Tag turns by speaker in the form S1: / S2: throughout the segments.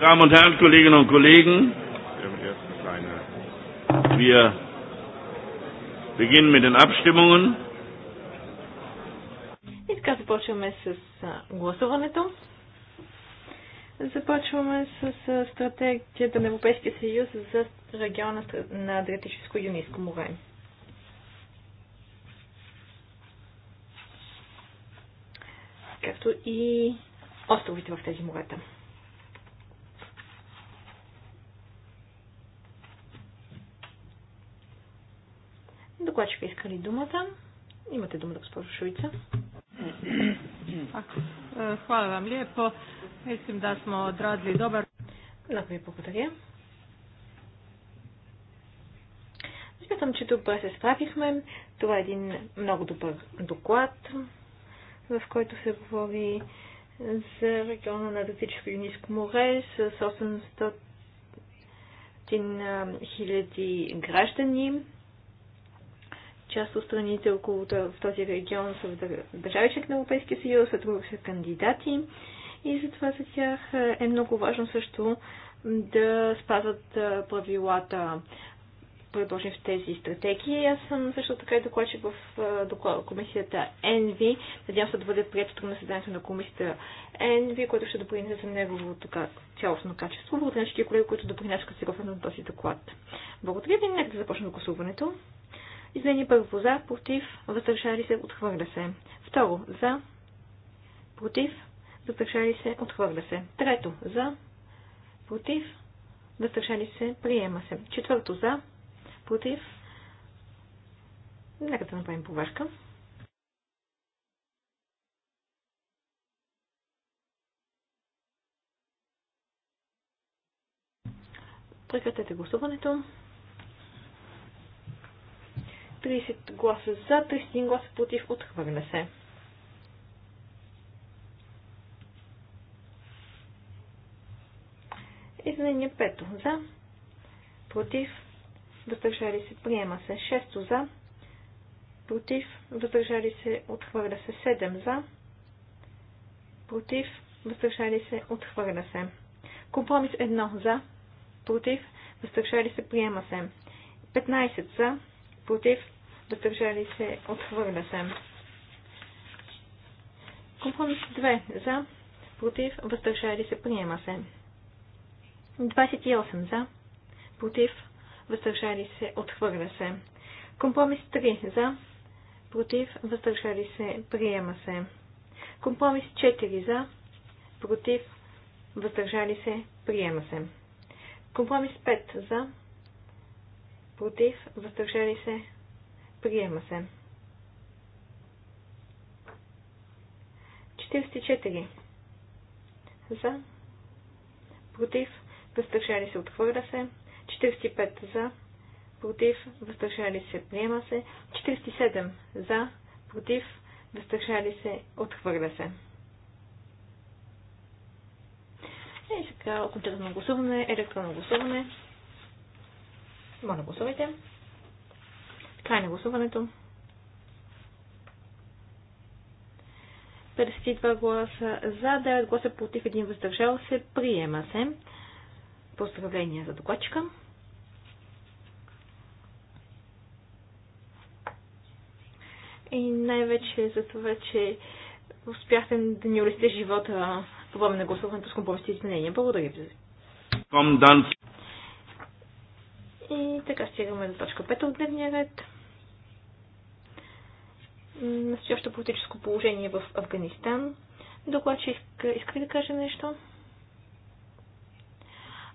S1: Damen und Herren, Kolleginnen und Kollegen, wir beginnen mit den Abstimmungen.
S2: И така започваме с гласуването. Започваме с стратегията на Европейския съюз за региона на Адриатическо и Юнийско море. Както и островите в тези морета. Докладчика иска ли думата? Имате думата, госпожо Шуица. Е, хвала вам лепо. Мислим да smo odradili добър. Много ви благодаря. Смятам, че добре се справихме. Това е един много добър доклад, в който се говори за региона на Атлантическо юниско море с 800 е, хиляди граждани. Част от страните около в този регион са държави на Европейския съюз, а други са кандидати. И затова за тях е, е много важно също да спазват е, правилата предложени в тези стратегии. Аз съм също така и докладчик в е, доклад, комисията НВ, Надявам се да бъде прието на съзнанието на комисията НВ, което ще допринесе за неговото цялостно качество. Благодаря на всички колеги, които допринесоха сериозно на този доклад. Благодаря ви. Нека да започнем гласуването. Извини първо за, против, въздържали се, отхвърля се. Второ за, против, въздържали се, отхвърля се. Трето за, против, въздържали се, приема се. Четвърто за, против, нека да направим поварка. Прекратете гласуването. 30 гласа за, 31 гласа против, отхвърля се. Изменение 5 за, против, въздържали се, приема се. 6 за, против, въздържали се, отхвърля се. 7 за, против, въздържали се, отхвърля се. Компромис 1 за, против, въздържали се, приема се. 15 за, против, въздържали се, отхвърля се. Компромис 2 за, против, въздържали се, приема се. 28 за, против, въздържали се, отхвърля се. Компромис 3 за, против, въздържали се, приема се. Компромис 4 за, против, въздържали се, приема се. Компромис 5 за, против, въздържали се, Приема се. 44. За. Против. Въздържали се. Отхвърля се. 45. За. Против. Въздържали се. Приема се. 47. За. Против. Въздържали се. Отхвърля се. И сега окончателно гласуване, електронно гласуване. Моля, гласувайте. Край на гласуването. 52 гласа за, 9 гласа против, 1 въздържал се. Приема се. Поздравления за докладчика. И най-вече за това, че успяхте да ни улесте живота по време на гласуването с компромисните изменения. Благодаря ви. И така стигаме до точка 5 от дневния ред настоящото политическо положение в Афганистан. че иска, иска да каже нещо?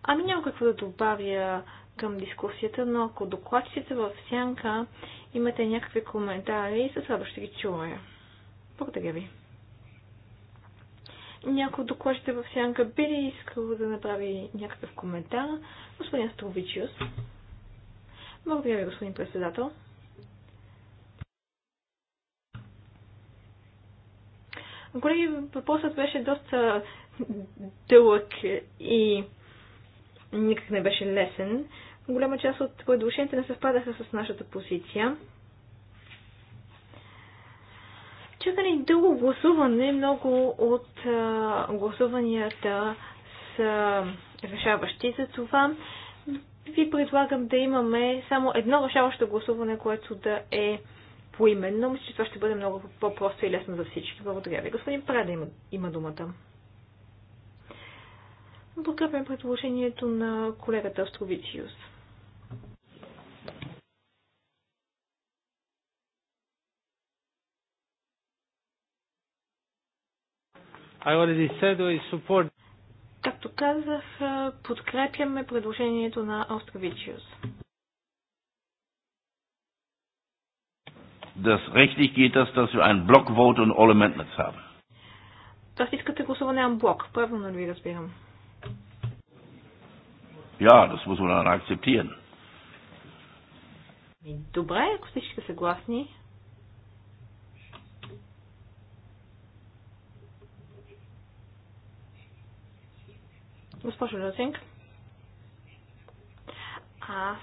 S2: Ами няма какво да добавя към дискусията, но ако докладчиците в сянка имате някакви коментари, със радост ще ги чуваме. Благодаря ви. Някой докладчите в сянка би ли искал да направи някакъв коментар? Господин Стовичиус. Благодаря ви, господин председател. Колеги, въпросът беше доста дълъг и никак не беше лесен. Голяма част от предложенията не съвпадаха с нашата позиция. чакани дълго гласуване. Много от а, гласуванията са решаващи за това. Ви предлагам да имаме само едно решаващо гласуване, което да е поименно, мисля, че това ще бъде много по-просто и лесно за всички. Благодаря ви. Господин Прада има, има думата. Подкрепям предложението на колегата Островициус.
S3: I already said we support.
S2: Както казах, подкрепяме предложението на Островичиус.
S1: Das rechtlich geht das, dass wir einen Block Vote und all amendments haben.
S2: Тоест искате Block. блок. Правилно ли ви разбирам?
S1: Ja, das muss man dann akzeptieren.
S2: Добре, ако всички са съгласни. Госпожо Лозинг, аз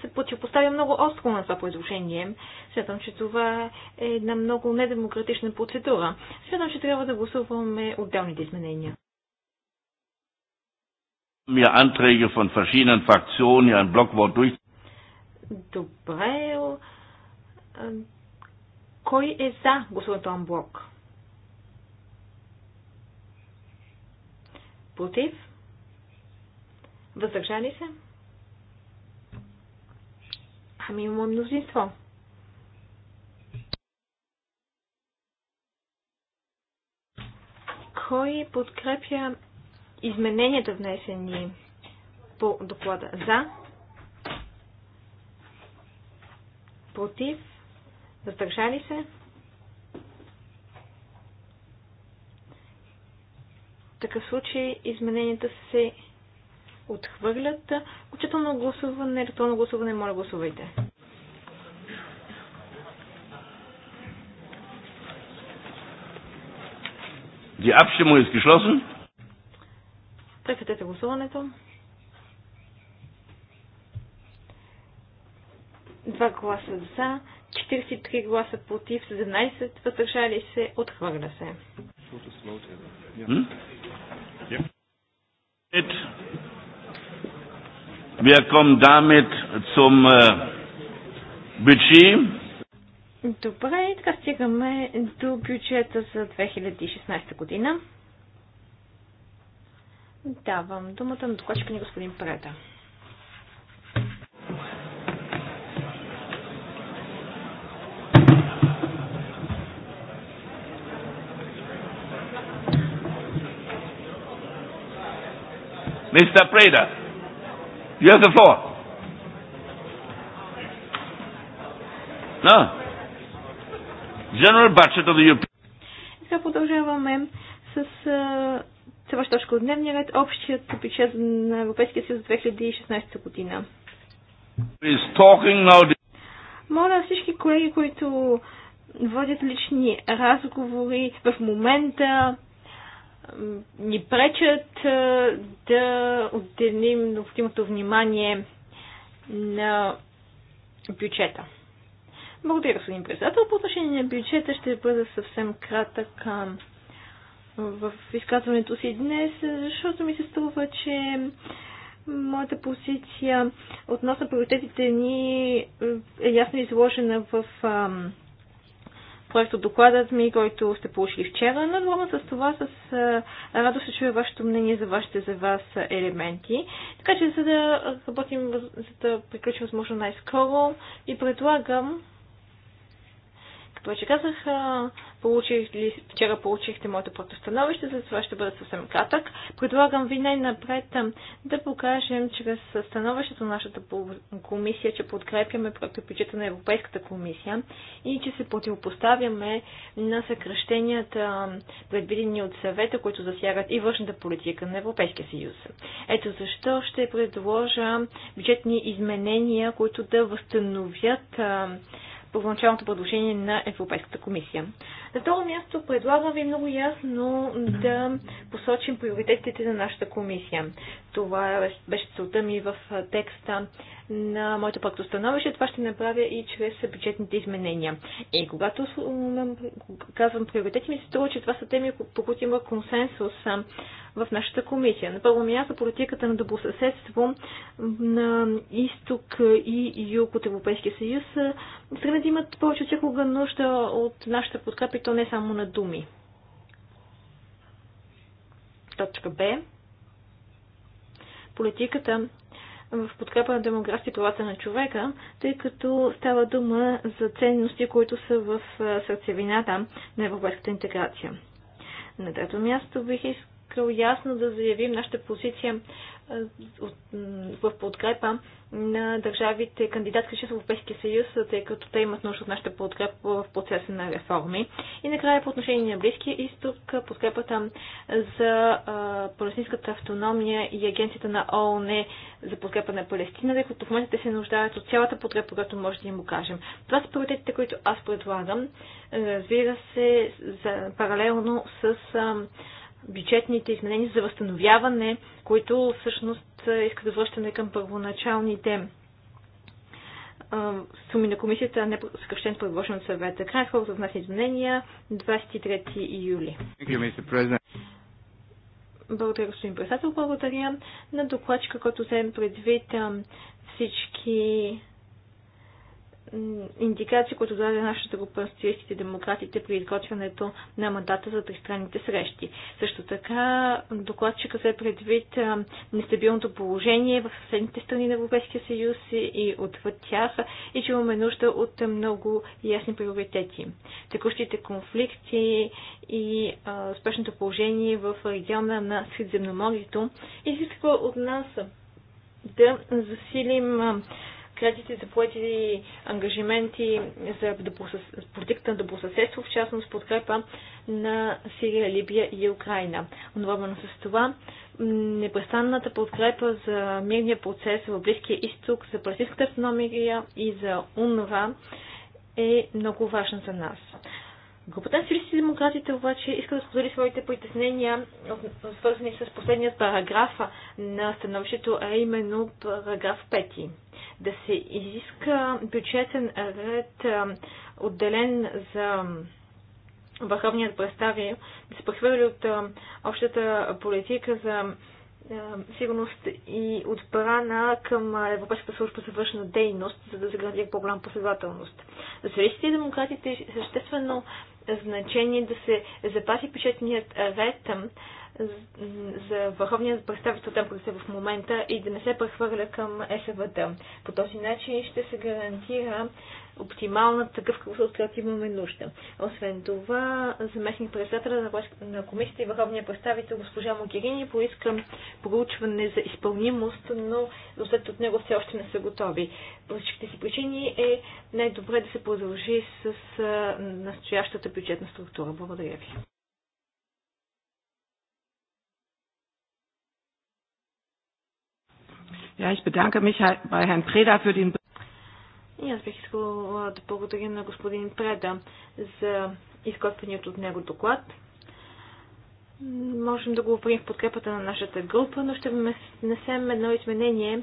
S2: се противопоставя много остро на това предложение. Смятам, че това е една много недемократична процедура. Смятам, че трябва да гласуваме отделните изменения. Добре. Кой е за гласуването на блок? Против? Въздържали се? Ами имаме мнозинство. Кой подкрепя измененията внесени по доклада? За? Против? Въздържали се? В такъв случай измененията са се отхвърлят. Учително гласуване, електронно гласуване, моля гласувайте.
S1: Die Abstimmung ist geschlossen.
S2: Прекратете гласуването. Два гласа за, 43 гласа против, 17 въздържали се, отхвърля се.
S4: Hmm?
S1: Wir kommen damit zum äh, Budget.
S2: Добре, така стигаме до бюджета за 2016 година. Давам думата на докладчика ни господин Преда.
S1: Мистер Преда. You have the floor. No. General budget of the European...
S2: Сега продължаваме с това точка от дневния ред, общият бюджет на Европейския съюз за 2016 година.
S1: Now...
S2: Моля всички колеги, които водят лични разговори в момента, ни пречат да отделим необходимото внимание на бюджета. Благодаря, господин председател. По отношение на бюджета ще бъда съвсем кратък в изказването си днес, защото ми се струва, че моята позиция относно приоритетите ни е ясно изложена в проекто докладът ми, който сте получили вчера. Но двама с това, с радост се чуя вашето мнение за вашите за вас елементи. Така че, за да работим, за да приключим възможно най-скоро, ви предлагам Както вече казах, получих ли, вчера получихте моето протостановище, за това ще бъда съвсем кратък. Предлагам ви най-напред да покажем чрез становището на нашата комисия, че подкрепяме проекта бюджета на Европейската комисия и че се противопоставяме на съкръщенията, предвидени от съвета, които засягат и външната политика на Европейския съюз. Ето защо ще предложа бюджетни изменения, които да възстановят първоначалното предложение на Европейската комисия. На второ място предлагам ви много ясно да посочим приоритетите на нашата комисия. Това беше целта ми в текста на моето становище, това ще направя и чрез бюджетните изменения. И когато казвам приоритети, ми се струва, че това са теми, по които има консенсус в нашата комисия. На първо място политиката на добросъседство на изток и юг от Европейския съюз страните имат повече от всякога нужда от нашата подкрепа и то не само на думи. Точка Б. Политиката в подкрепа на демографията правата на човека, тъй като става дума за ценности, които са в сърцевината на европейската интеграция. На трето място бих искал ясно да заявим нашата позиция в подкрепа на държавите кандидатки чрез Европейския съюз, тъй като те имат нужда от нашата подкрепа в процеса на реформи. И накрая по отношение на Близкия изток, подкрепата за палестинската автономия и агенцията на ООН за подкрепа на Палестина, тъй като в момента те се нуждаят от цялата подкрепа, която може да им окажем. Това са приоритетите, които аз предлагам. Разбира се, за, паралелно с бюджетните изменения за възстановяване, които всъщност е, искат да връщане към първоначалните суми на комисията, а не съкръщен предложен от съвета. край срок за внасяне изменения 23 юли. Благодаря, господин председател. Благодаря на докладчика, който вземе предвид всички индикации, които даде нашата група на социалистите демократите при изготвянето на мандата за тристранните срещи. Също така докладчика се предвид нестабилното положение в съседните страни на Европейския съюз и отвъд тях и че имаме нужда от много ясни приоритети. Текущите конфликти и а, спешното положение в региона на Средиземноморието изисква от нас да засилим кредити за поети ангажименти за политиката на добросъседство, в частност подкрепа на Сирия, Либия и Украина. Одновременно с това, непрестанната подкрепа за мирния процес в Близкия изток, за палестинската автономия и за УНРА е много важна за нас. Групата на Сирийски демократите обаче иска да сподели своите притеснения, свързани с последният параграф на становището, а именно параграф 5. Да се изиска бюджетен ред, отделен за върховният представи, да се прехвърли от общата политика за сигурност и отбрана към Европейската служба за външна дейност, за да се гарантира по-голяма последователност. За и демократите съществено значение да се запази печатният ред за върховният представител там, се в момента и да не се прехвърля към СВД. По този начин ще се гарантира оптимална такъв от която имаме нужда. Освен това, заместник председателя на комисията и върховният представител госпожа Могерини поиска проучване за изпълнимост, но след от него все още не са готови. По всичките си причини е най-добре да се продължи с настоящата бюджетна структура. Благодаря ви.
S5: Ja, ich bedanke mich bei Herrn Preda für
S2: den и аз бих искала да благодаря на господин Преда за изготвеният от него доклад. Можем да го оправим в подкрепата на нашата група, но ще внесем едно изменение,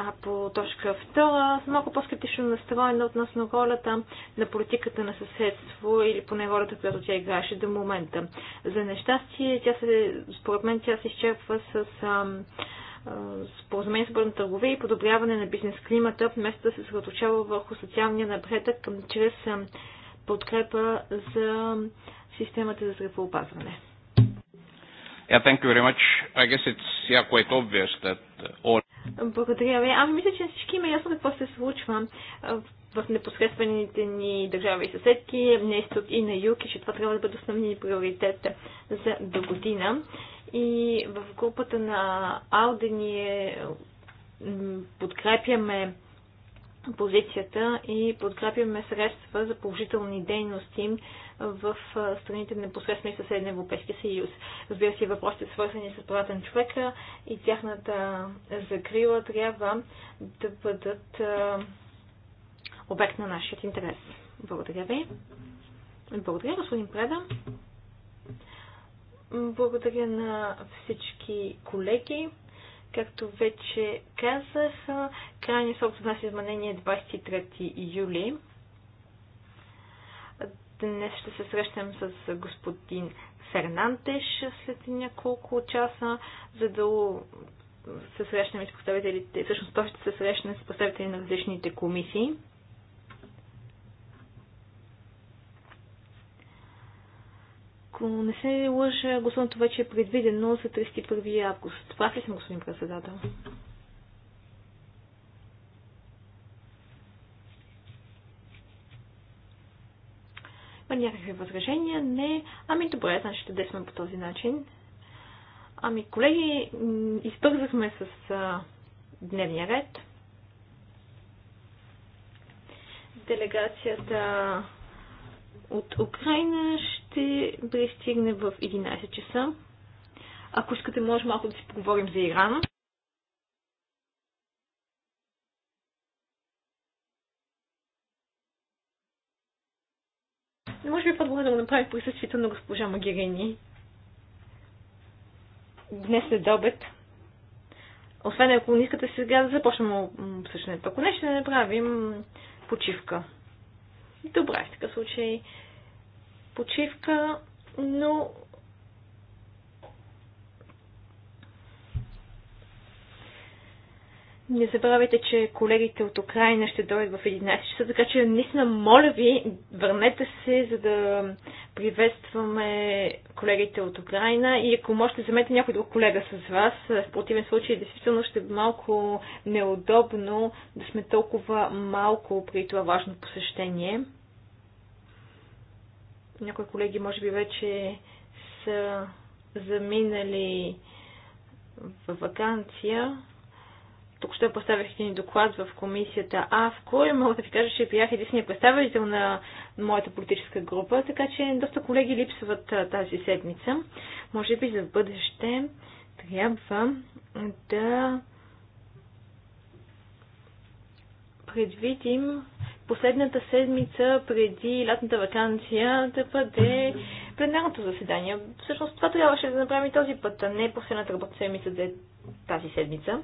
S2: а по точка втора съм малко по-скептично настроена относно ролята на политиката на съседство или поне ролята, която тя играеше до момента. За нещастие, тя се, според мен тя се изчерпва с ам, споразумение с бърна търговия и подобряване на бизнес климата, вместо да се съсредоточава върху социалния напредък чрез подкрепа за системата за здравеопазване.
S1: Yeah, thank you very much. I guess it's yeah, quite obvious that uh, all
S2: благодаря ви. Ами мисля, че всички има ясно какво се случва в непосредствените ни държави и съседки, днес тук и на юг, и че това трябва да бъде основни приоритет за до година. И в групата на Алдени ние подкрепяме позицията и подкрепяме средства за положителни дейности в страните непосредствено и съседния Европейски съюз. Разбира се, въпросите свързани с правата на човека и тяхната закрила трябва да бъдат обект на нашия интерес. Благодаря ви. Благодаря, господин Преда. Благодаря на всички колеги. Както вече казах, крайният срок за нас изменение е 23 юли. Днес ще се срещнем с господин Фернантеш след няколко часа, за да се срещнем с представителите, всъщност той ще се срещне с представители на различните комисии. Ако не се лъжа, гласуването вече е предвидено за 31 август. Прав ли съм, господин председател? Има някакви възражения? Не. Ами добре, значи ще действаме по този начин. Ами колеги, избързахме с а, дневния ред. Делегацията от Украина ще пристигне в 11 часа. Ако искате, може малко да си поговорим за Иран. Не може би по-добре да го направи присъствието на госпожа Магирини. Днес след обед. Освен ако не искате сега да започнем обсъждането. Ако не, ще направим почивка. Добре, в такъв случай почивка, но Не забравяйте, че колегите от Украина ще дойдат в 11 часа, така че наистина моля ви, върнете се, за да приветстваме колегите от Украина и ако можете, вземете някой друг колега с вас. В противен случай, действително ще е малко неудобно да сме толкова малко при това важно посещение. Някои колеги, може би, вече са заминали в вакансия тук ще поставих един доклад в комисията АВКО и мога да ви кажа, че бях единствения представител на моята политическа група, така че доста колеги липсват тази седмица. Може би за бъдеще трябва да предвидим последната седмица преди лятната вакансия да бъде пленарното заседание. Всъщност това трябваше да направим този път, а не последната работна седмица да е тази седмица.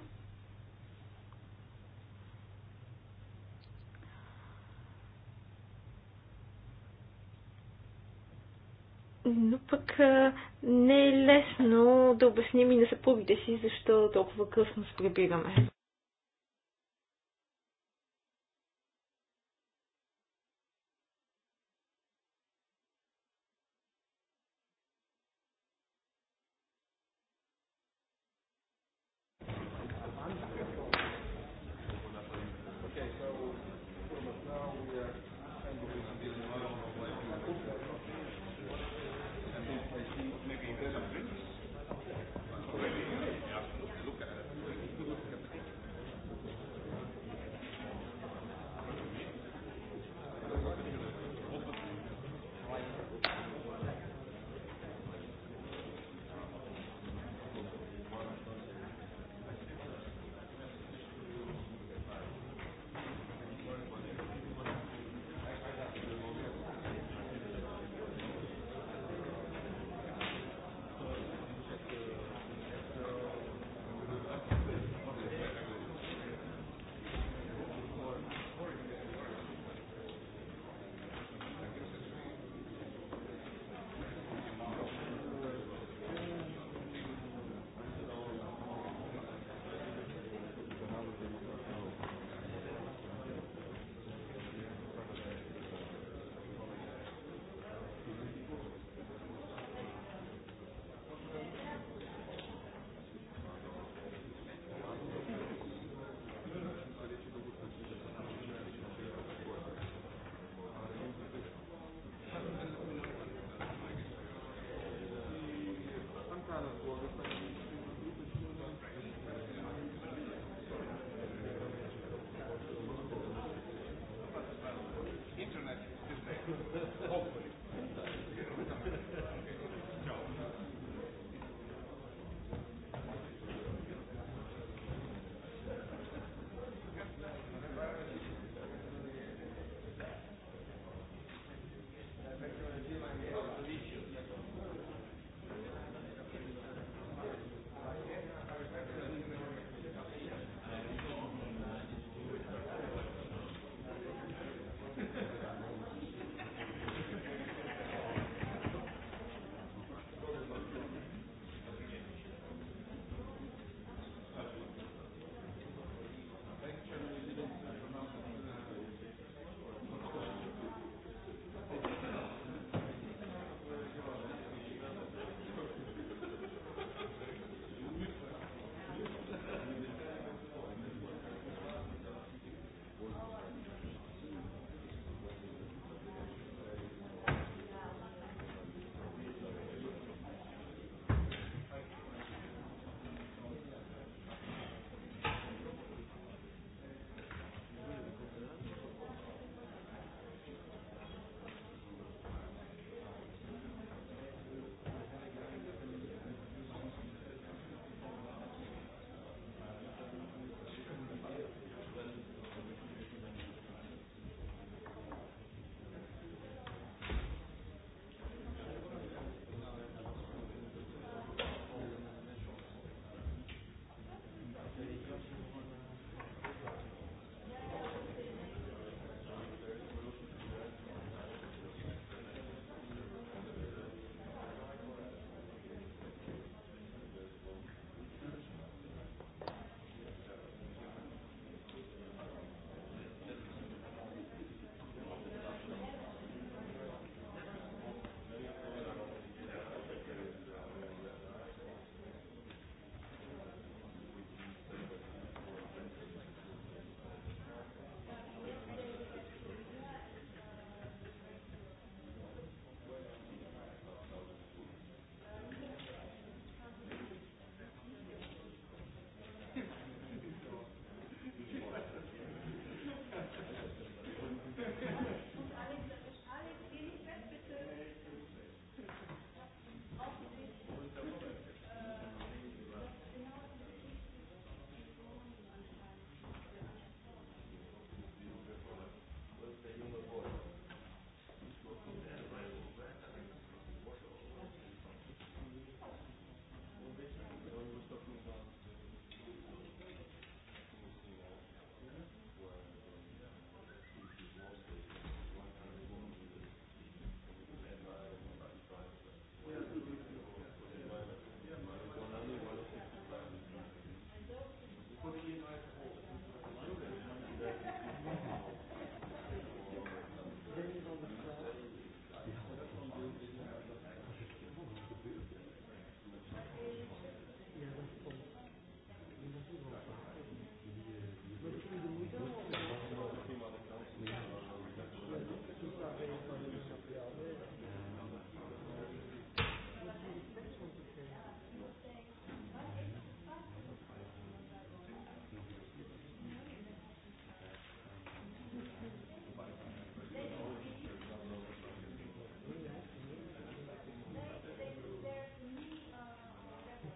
S2: но пък не е лесно да обясним и на съпругите си, защо толкова късно се прибираме.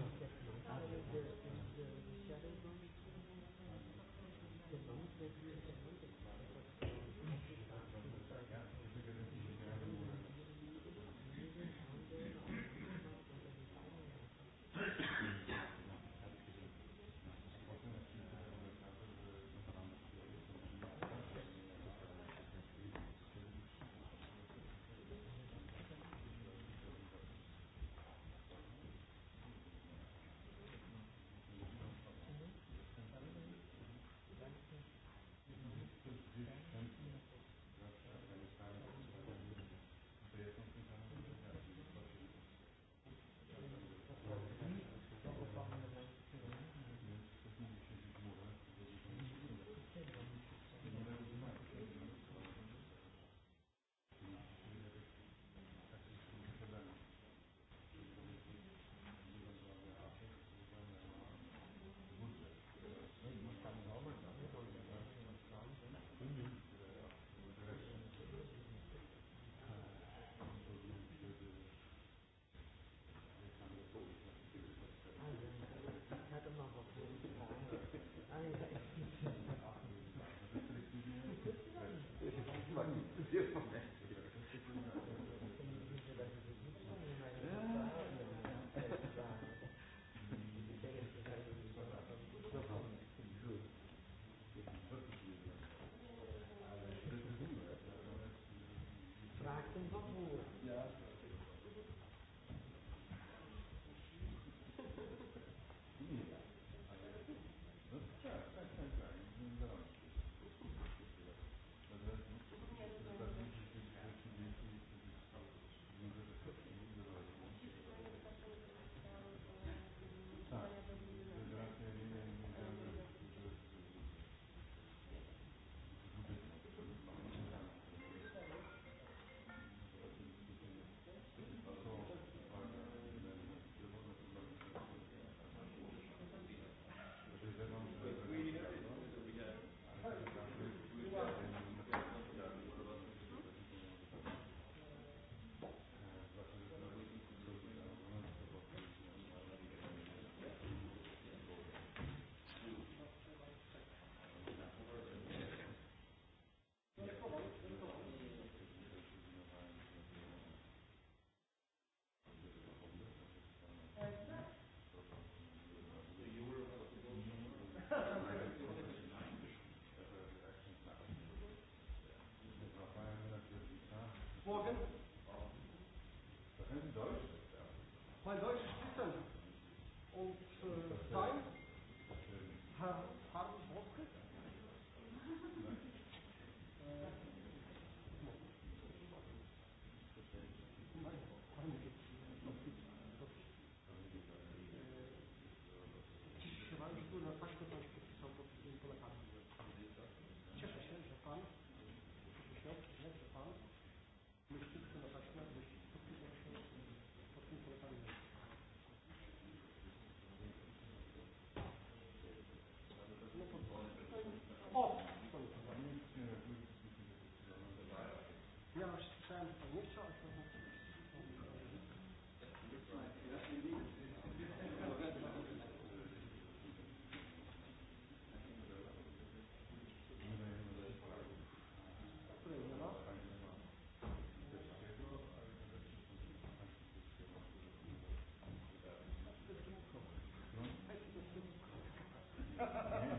S4: Thank you. Dios Morgen.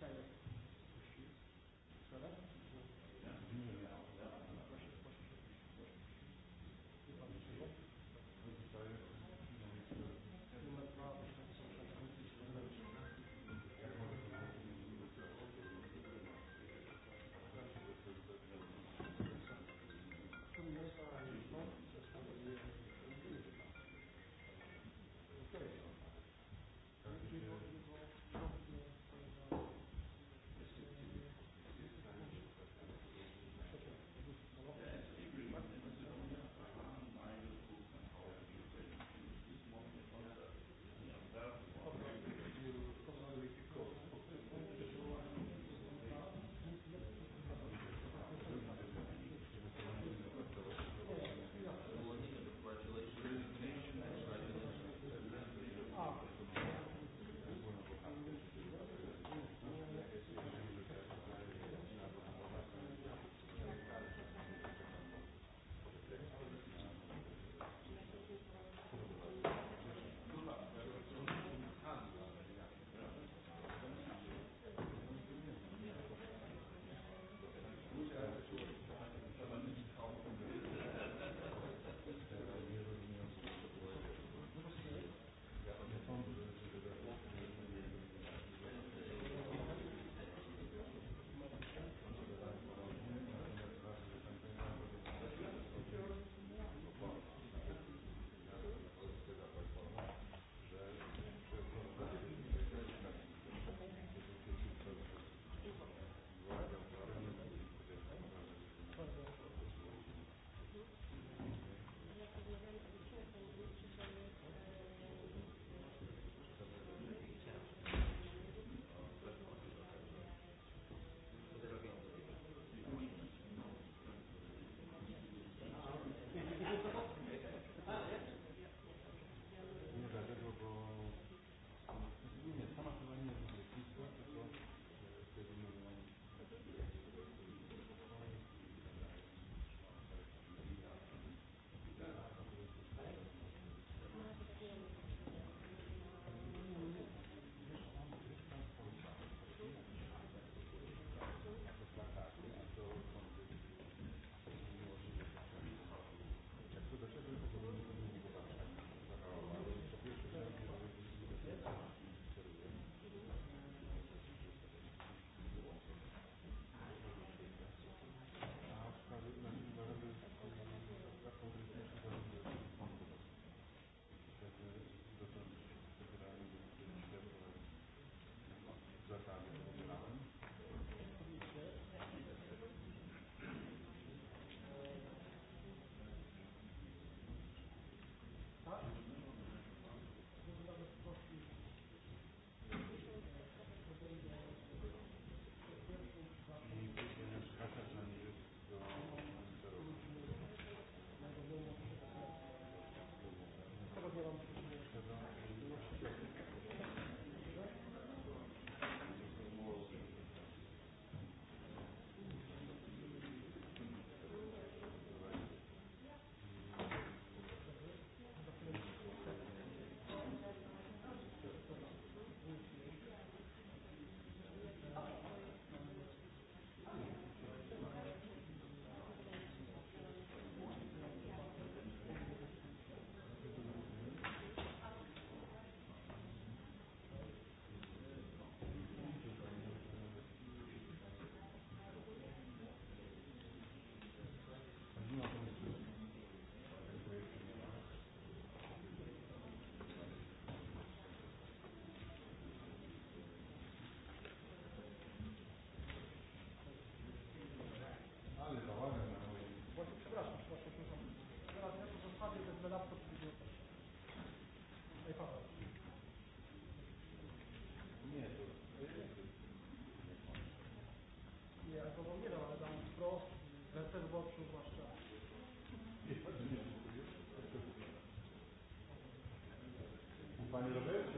S4: Shadow.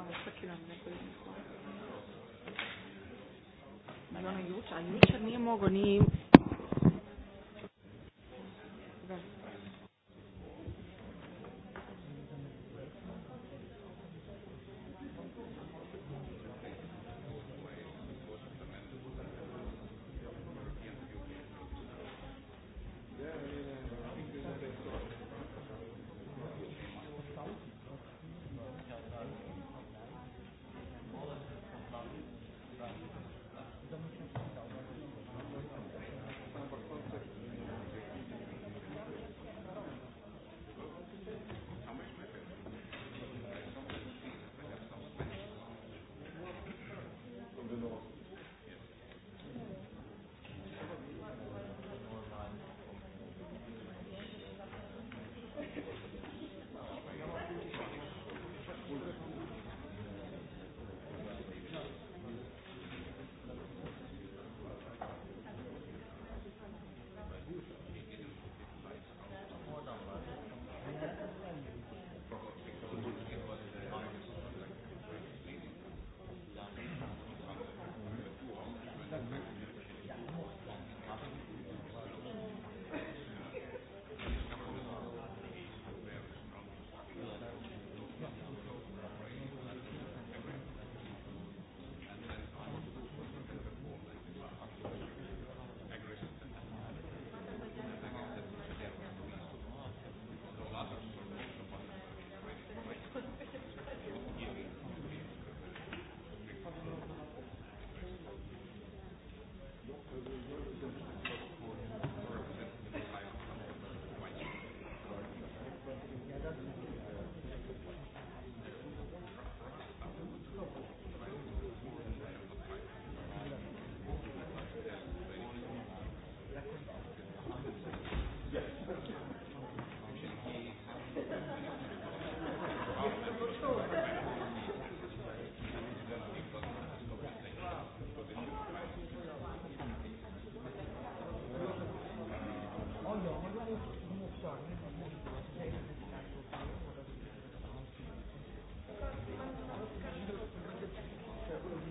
S4: no,
S5: questa chi non è quello qua. Madonna, Iuccia, Iuccia
S2: nije mogo, ni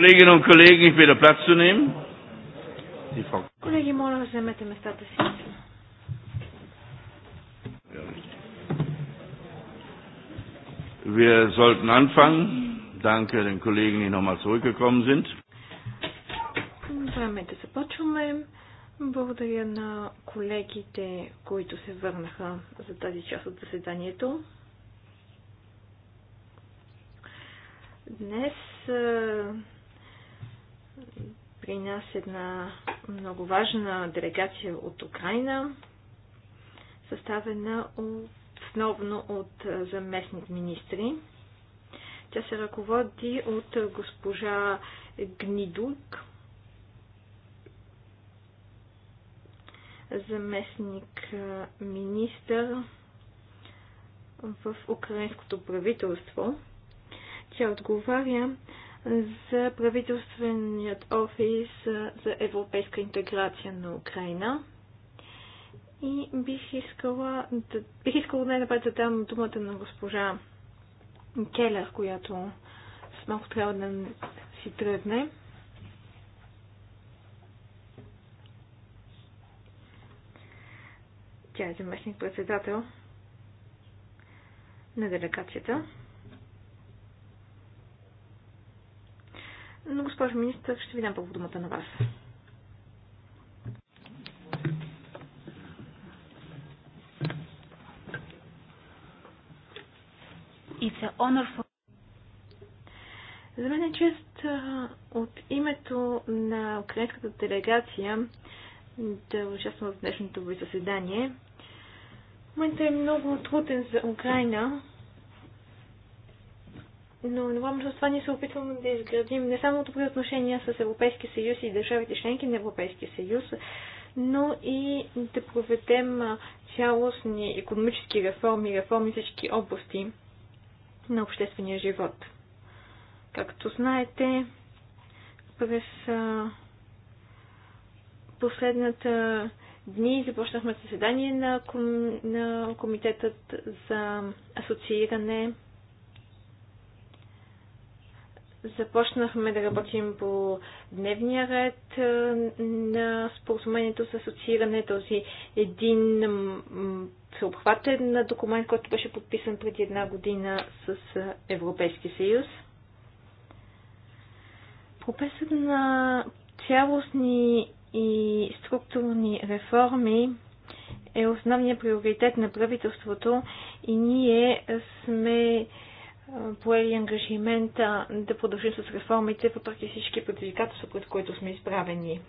S1: Kolleginnen und Kollegen, ich bitte Platz zu nehmen. Die Frau
S2: Колеги, моля да вземете местата си.
S1: Wir sollten anfangen. Danke den Kollegen, die nochmal zurückgekommen sind.
S2: Време започваме. Благодаря на колегите, които се върнаха за тази част от заседанието. с една много важна делегация от Украина, съставена основно от заместник министри. Тя се ръководи от госпожа Гнидук, заместник министър в украинското правителство. Тя отговаря за правителственият офис за европейска интеграция на Украина. И бих искала да, бих искала най-напред да дам думата на госпожа Келер, която с малко трябва да си тръгне. Тя е заместник председател на делегацията. Но, госпожо министър, ще ви дам първо думата на вас. It's an honor for... За мен е чест от името на украинската делегация да участвам в днешното ви заседание. Моментът е много труден за Украина, но едновременно с това ние се опитваме да изградим не само добри отношения с Европейския съюз и държавите членки на Европейския съюз, но и да проведем цялостни економически реформи, реформи всички области на обществения живот. Както знаете, през последната дни започнахме заседание на, ком... на Комитетът за асоцииране Започнахме да работим по дневния ред е, на споразумението за асоцииране, този един съобхватен документ, който беше подписан преди една година с е, Европейски съюз. Пропесът на цялостни и структурни реформи е основният приоритет на правителството и ние сме поели ангажимента да продължим с реформите, въпреки всички предизвикателства, пред които сме изправени.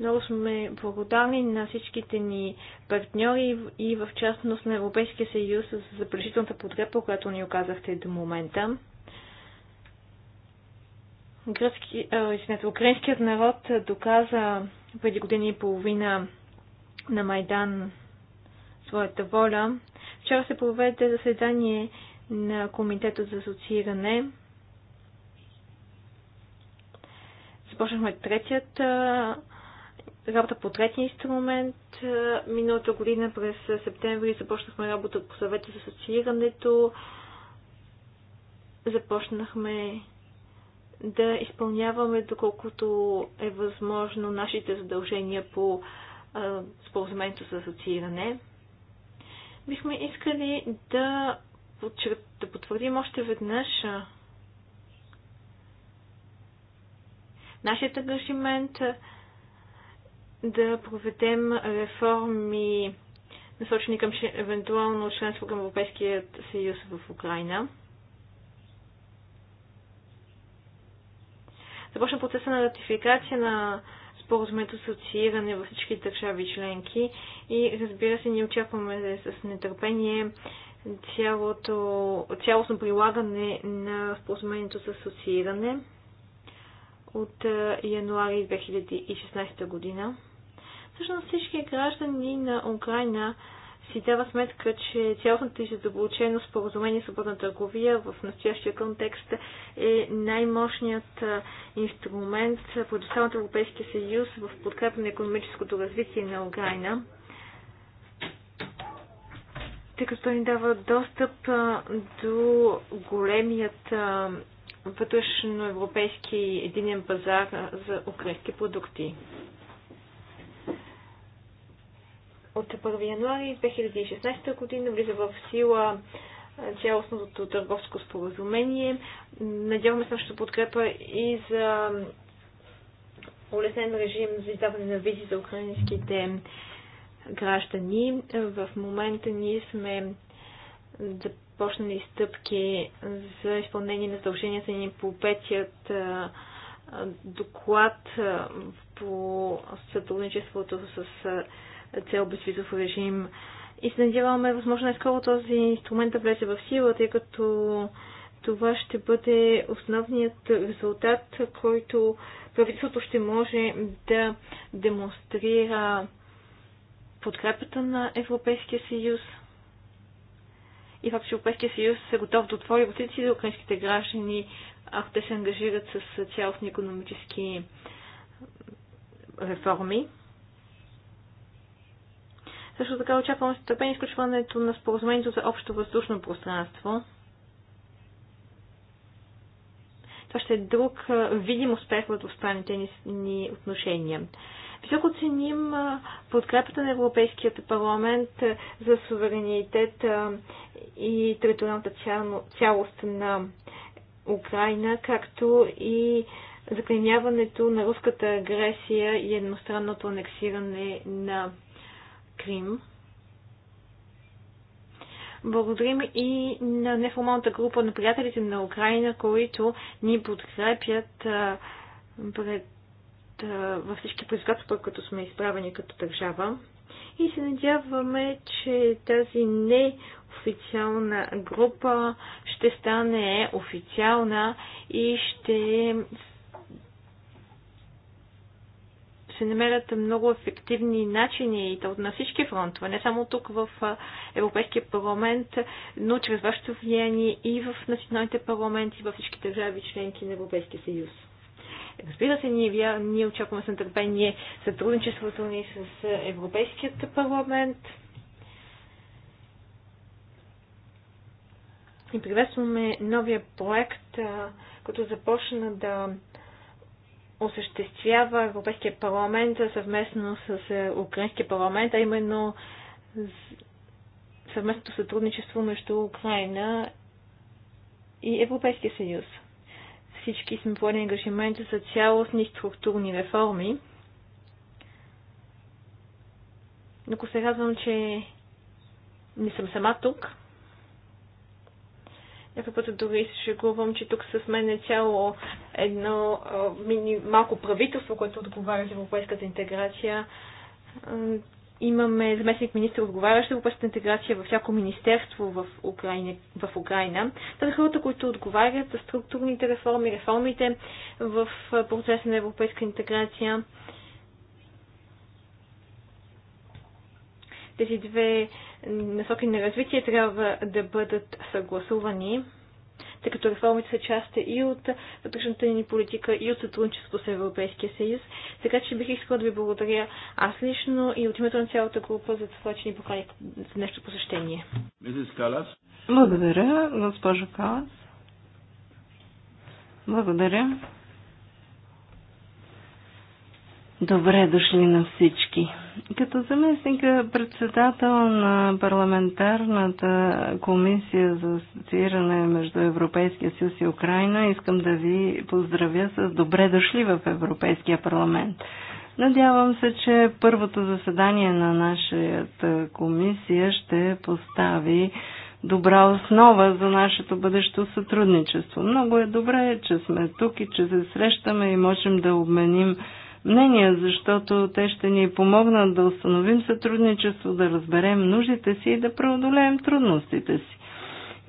S2: Много сме благодарни на всичките ни партньори и в частност на Европейския съюз за забележителната подкрепа, която ни оказахте до момента. Гръцки, а, извинете, украинският народ доказа преди години и половина на Майдан своята воля Вчера се проведе заседание на Комитета за асоцииране. Започнахме третият работа по третия инструмент. Миналата година през септември започнахме работа по съвета за асоциирането. Започнахме да изпълняваме доколкото е възможно нашите задължения по споразумението за асоцииране бихме искали да, да потвърдим още веднъж нашият ангажимент да проведем реформи, насочени към евентуално членство към Европейския съюз в Украина. Започна процеса на ратификация на споразумението с асоцииране във всички държави членки и разбира се, ние очакваме с нетърпение цялото, цялостно прилагане на споразумението с асоцииране от е, януари 2016 година. Всъщност всички граждани на Украина си дава сметка, че цялостната и задълбочено споразумение за свободна търговия в настоящия контекст е най-мощният инструмент, предоставен от Европейския съюз в подкрепа на економическото развитие на Украина тъй като той ни дава достъп до големият вътрешноевропейски единен пазар за украински продукти от 1 януари 2016 година влиза в сила цялостното търговско споразумение. Надяваме се също подкрепа и за улеснен режим за издаване на визи за украинските граждани. В момента ние сме започнали стъпки за изпълнение на задълженията ни по петият доклад по сътрудничеството с цел безвизов режим. И се надяваме, възможно е скоро този инструмент да влезе в сила, тъй като това ще бъде основният резултат, който правителството ще може да демонстрира подкрепата на Европейския съюз и факт, че Европейския съюз е готов да отвори ръцете за украинските граждани, ако те се ангажират с цялостни економически реформи. Също така очакваме с търпение изключването на споразумението за общо въздушно пространство. Това ще е друг видим успех в двустранните ни, ни отношения. Високо ценим подкрепата на Европейският парламент за суверенитет и териториалната цялост на Украина, както и заклиняването на руската агресия и едностранното анексиране на Крим. Благодарим и на неформалната група на приятелите на Украина, които ни подкрепят пред, във всички предизвикателства, които сме изправени като държава. И се надяваме, че тази неофициална група ще стане официална и ще се намерят много ефективни начини и то на всички фронтове, не само тук в Европейския парламент, но чрез вашето влияние и в националните парламенти, във всички държави членки на Европейския съюз. Разбира се, ние, вя, ние очакваме с нетърпение сътрудничеството ни с Европейският парламент. И приветстваме новия проект, който започна да осъществява Европейския парламент съвместно с е, Украинския парламент, а именно съвместното сътрудничество между Украина и Европейския съюз. Всички сме поели ангажимент за цялостни структурни реформи. Но се радвам, че не съм сама тук, някой път дори се шегувам, че тук с мен е цяло едно а, мини, малко правителство, което отговаря за европейската интеграция. А, имаме заместник министр, отговарящ за европейската интеграция във всяко министерство в Украина. В Украина. Това са хората, които отговарят за структурните реформи, реформите в процеса на европейска интеграция. тези две насоки на развитие трябва да бъдат съгласувани, тъй като реформите са част и от вътрешната ни политика, и от сътрудничество с Европейския съюз. Така че бих искала да ви благодаря аз лично и от името на цялата група за това, че ни покани за нещо посещение. Благодаря, госпожо Калас.
S5: Благодаря. Добре дошли на всички. Като заместника председател на парламентарната комисия за асоцииране между Европейския съюз и Украина, искам да ви поздравя с добре дошли в Европейския парламент. Надявам се, че първото заседание на нашата комисия ще постави добра основа за нашето бъдещо сътрудничество. Много е добре, че сме тук и че се срещаме и можем да обменим мнения, защото те ще ни помогнат да установим сътрудничество, да разберем нуждите си и да преодолеем трудностите си.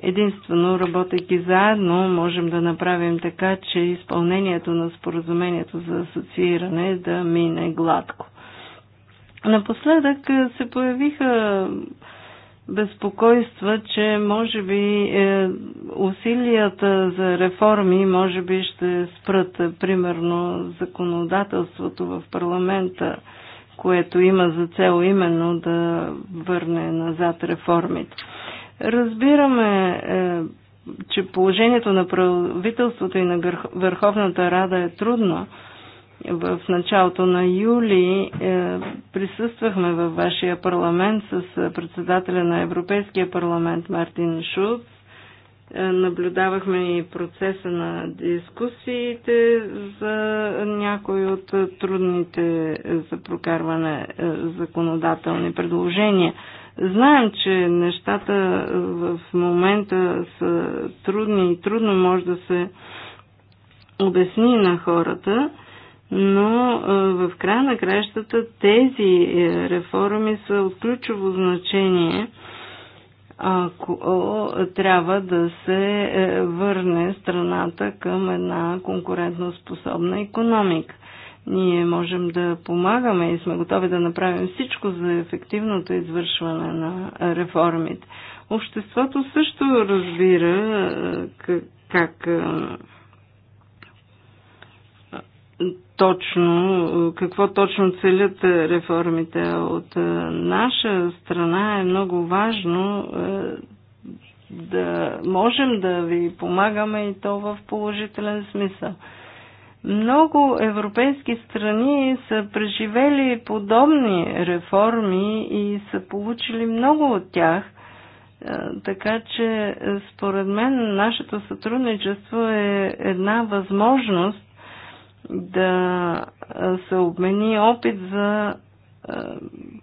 S5: Единствено, работейки заедно, можем да направим така, че изпълнението на споразумението за асоцииране да мине гладко. Напоследък се появиха безпокойства, че може би е, усилията за реформи може би ще спрат е, примерно законодателството в парламента, което има за цел именно да върне назад реформите. Разбираме, е, че положението на правителството и на Върховната Рада е трудно, в началото на юли е, присъствахме във вашия парламент с е, председателя на Европейския парламент Мартин Шулц. Е, наблюдавахме и процеса на дискусиите за някои от трудните за прокарване законодателни предложения. Знаем, че нещата в момента са трудни и трудно може да се обясни на хората но в края на кращата тези е, реформи са от ключово значение, ако трябва да се е, върне страната към една конкурентоспособна економика. Ние можем да помагаме и сме готови да направим всичко за ефективното извършване на реформите. Обществото също разбира е, как точно, какво точно целят реформите. От е, наша страна е много важно е, да можем да ви помагаме и то в положителен смисъл. Много европейски страни са преживели подобни реформи и са получили много от тях е, – така че, според мен, нашето сътрудничество е една възможност да се обмени опит за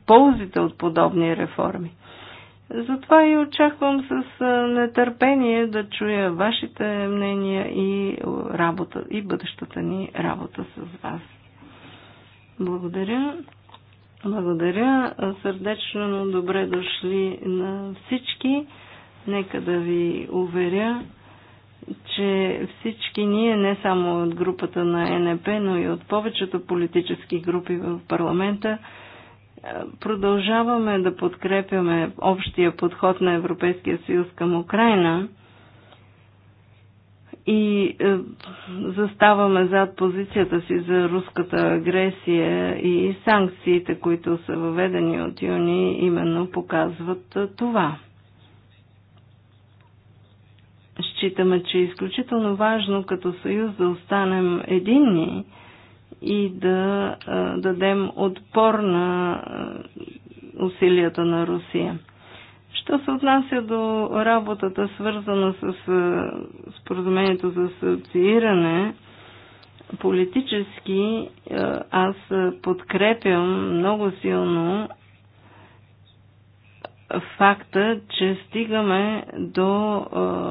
S5: ползите от подобни реформи. Затова и очаквам с нетърпение да чуя вашите мнения и, работа, и бъдещата ни работа с вас. Благодаря. Благодаря. Сърдечно добре дошли на всички. Нека да ви уверя, че всички ние, не само от групата на НП, но и от повечето политически групи в парламента, е, продължаваме да подкрепяме общия подход на Европейския съюз към Украина и е, заставаме зад позицията си за руската агресия и санкциите, които са въведени от юни, именно показват това. Считаме, че е изключително важно като съюз да останем единни и да дадем отпор на усилията на Русия. Що се отнася до работата, свързана с споразумението за асоцииране, политически аз подкрепям много силно факта, че стигаме до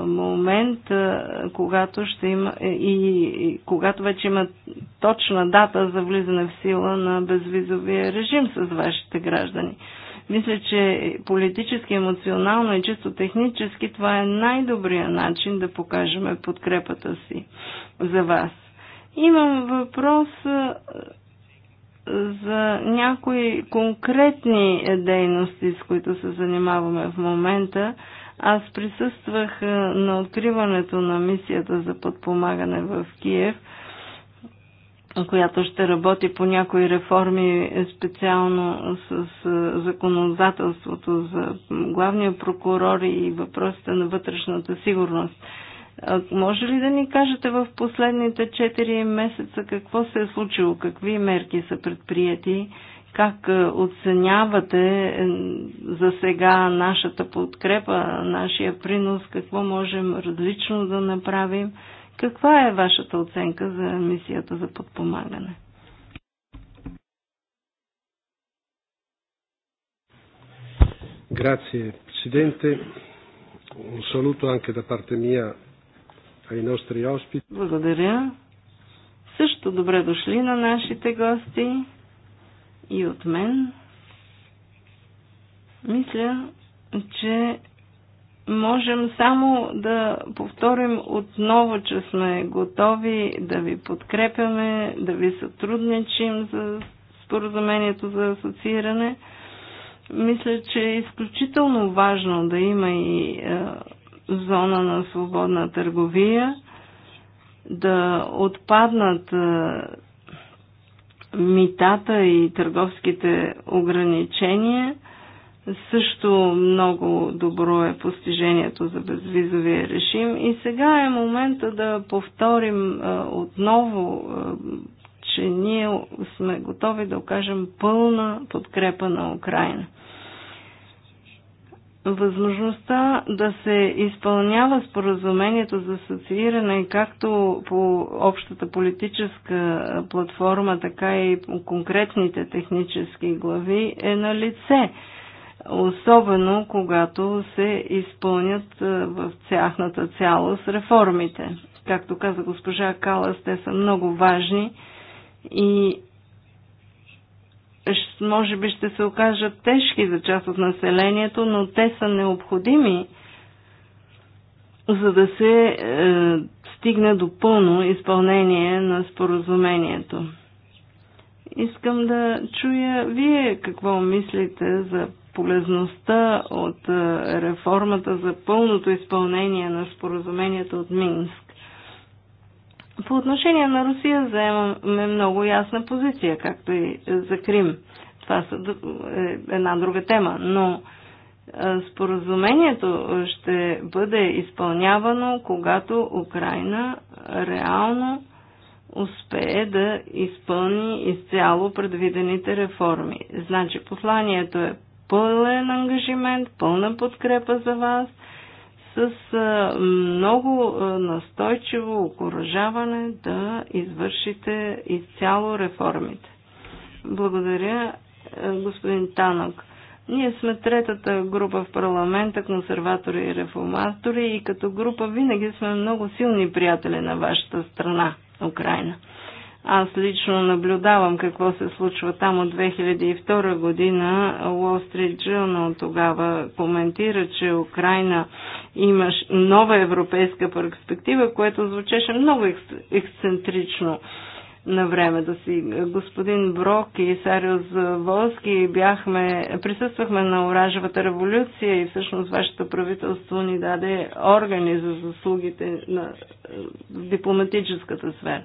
S5: момента, когато ще има е, и, и когато вече има точна дата за влизане в сила на безвизовия режим с вашите граждани. Мисля, че политически, емоционално и чисто технически това е най-добрият начин да покажем подкрепата си за вас. Имам въпрос за някои конкретни дейности, с които се занимаваме в момента. Аз присъствах е, на откриването на мисията за подпомагане в Киев, която ще работи по някои реформи специално с е, законодателството за главния прокурор и въпросите на вътрешната сигурност. Може ли да ни кажете в последните 4 месеца какво се е случило, какви мерки са предприяти, как оценявате за сега нашата подкрепа, нашия принос, какво можем различно да направим? Каква е вашата оценка за мисията за подпомагане?
S3: Grazie Presidente,
S5: un saluto anche da parte mia ai nostri ospiti. Благодаря. Също добре дошли на нашите гости и от мен. Мисля, че можем само да повторим отново, че сме готови да ви подкрепяме, да ви сътрудничим за споразумението за асоцииране. Мисля, че е изключително важно да има и е, зона на свободна търговия, да отпаднат митата и търговските ограничения. Също много добро е постижението за безвизовия режим. И сега е момента да повторим отново, че ние сме готови да окажем пълна подкрепа на Украина възможността да се изпълнява споразумението за асоцииране както по общата политическа платформа, така и по конкретните технически глави е на лице. Особено когато се изпълнят в тяхната цялост реформите. Както каза госпожа Калас, те са много важни и може би ще се окажат тежки за част от населението, но те са необходими, за да се е, стигне до пълно изпълнение на споразумението. Искам да чуя вие какво мислите за полезността от е, реформата за пълното изпълнение на споразумението от Минск. По отношение на Русия заемаме много ясна позиция, както и за Крим. Това е една друга тема, но е, споразумението ще бъде изпълнявано, когато Украина реално успее да изпълни изцяло предвидените реформи. Значи посланието е пълен ангажимент, пълна подкрепа за вас, с много настойчиво окоръжаване да извършите изцяло реформите. Благодаря, господин Танок. Ние сме третата група в парламента, консерватори и реформатори и като група винаги сме много силни приятели на вашата страна, Украина. Аз лично наблюдавам какво се случва там от 2002 година. Wall Street Journal тогава коментира, че Украина има нова европейска перспектива, което звучеше много ексцентрично на времето си. Господин Брок и Сариус Волски бяхме, присъствахме на Оражевата революция и всъщност вашето правителство ни даде органи за заслугите на дипломатическата сфера.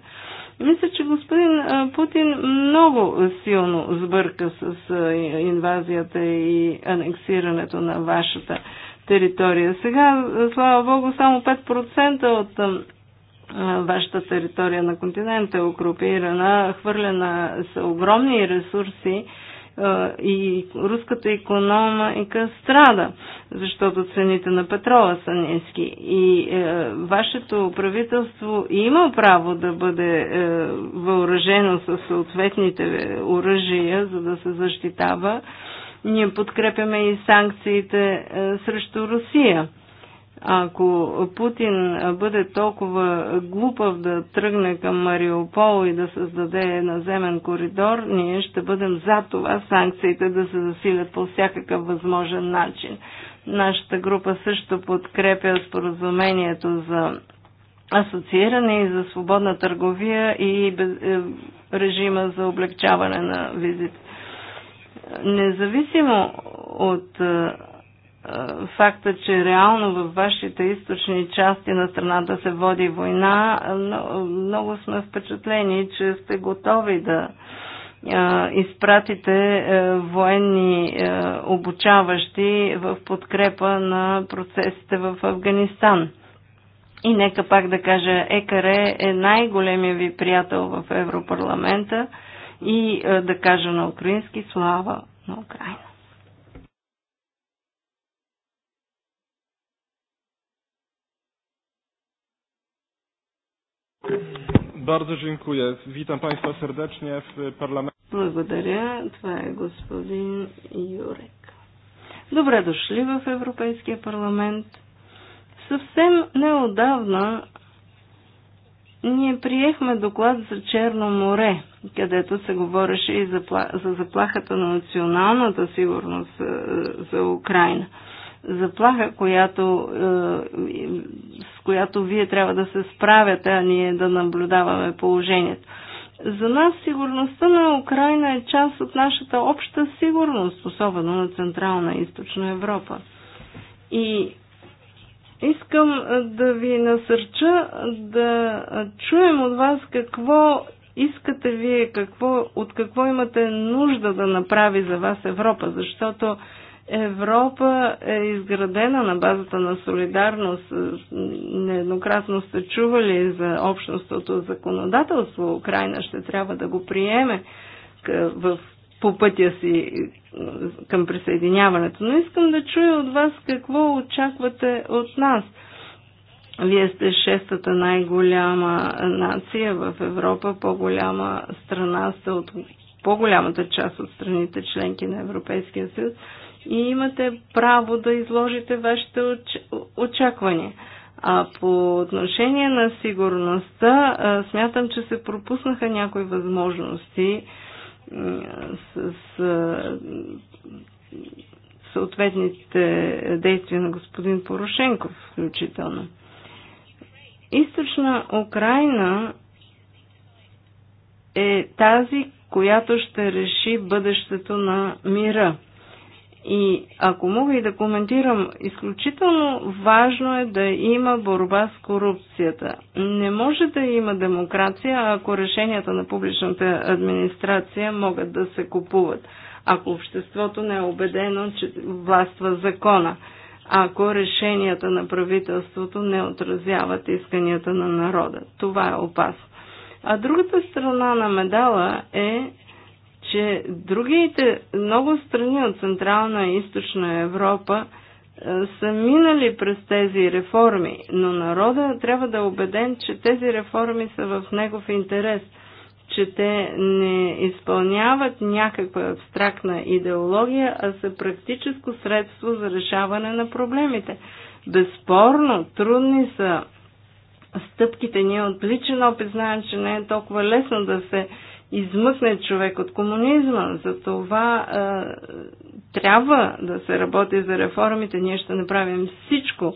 S5: Мисля, че господин Путин много силно сбърка с инвазията и анексирането на вашата територия. Сега, слава Богу, само 5% от вашата територия на континента е окрупирана, хвърлена са огромни ресурси и руската економика е страда, защото цените на петрола са ниски. И е, вашето правителство има право да бъде е, въоръжено със съответните оръжия, за да се защитава. Ние подкрепяме и санкциите е, срещу Русия. Ако Путин бъде толкова глупав да тръгне към Мариупол и да създаде наземен коридор, ние ще бъдем за това санкциите да се засилят по всякакъв възможен начин. Нашата група също подкрепя споразумението за асоцииране и за свободна търговия и е, режима за облегчаване на визите. Независимо от е, факта, че реално във вашите източни части на страната се води война, много сме впечатлени, че сте готови да изпратите военни обучаващи в подкрепа на процесите в Афганистан. И нека пак да кажа, ЕКАРЕ е най-големия ви приятел в Европарламента и да кажа на украински слава на Украина.
S1: Bardzo dziękuję. Witam Państwa serdecznie w parlamencie. Благодаря.
S5: Това е господин Юрек. Добре дошли в Европейския парламент. Съвсем неодавна ние приехме доклад за Черно море, където се говореше и за заплахата на националната сигурност е, за Украина заплаха, която, е, с която вие трябва да се справяте, а ние да наблюдаваме положението. За нас сигурността на Украина е част от нашата обща сигурност, особено на Централна и Източна Европа. И искам е, да ви насърча е, да чуем от вас какво искате вие, какво, от какво имате нужда да направи за вас Европа, защото Европа е изградена на базата на солидарност. Нееднократно сте чували за общностното законодателство. Украина ще трябва да го приеме в, по пътя си към присъединяването. Но искам да чуя от вас какво очаквате от нас. Вие сте шестата най-голяма нация в Европа, по-голяма страна сте от по-голямата част от страните членки на Европейския съюз и имате право да изложите вашите очаквания. А по отношение на сигурността, смятам, че се пропуснаха някои възможности с съответните действия на господин Порошенков включително. Източна Украина е тази, която ще реши бъдещето на мира – и ако мога и да коментирам, изключително важно е да има борба с корупцията. Не може да има демокрация, ако решенията на публичната администрация могат да се купуват. Ако обществото не е убедено, че властва закона. Ако решенията на правителството не отразяват исканията на народа. Това е опасно. А другата страна на медала е, че другите много страни от Централна и Източна Европа е, са минали през тези реформи, но народа трябва да е убеден, че тези реформи са в негов интерес, че те не изпълняват някаква абстрактна идеология, а са практическо средство за решаване на проблемите. Безспорно, трудни са стъпките. Ние от личен опит знаем, че не е толкова лесно да се измъкне човек от комунизма. За това е, трябва да се работи за реформите. Ние ще направим всичко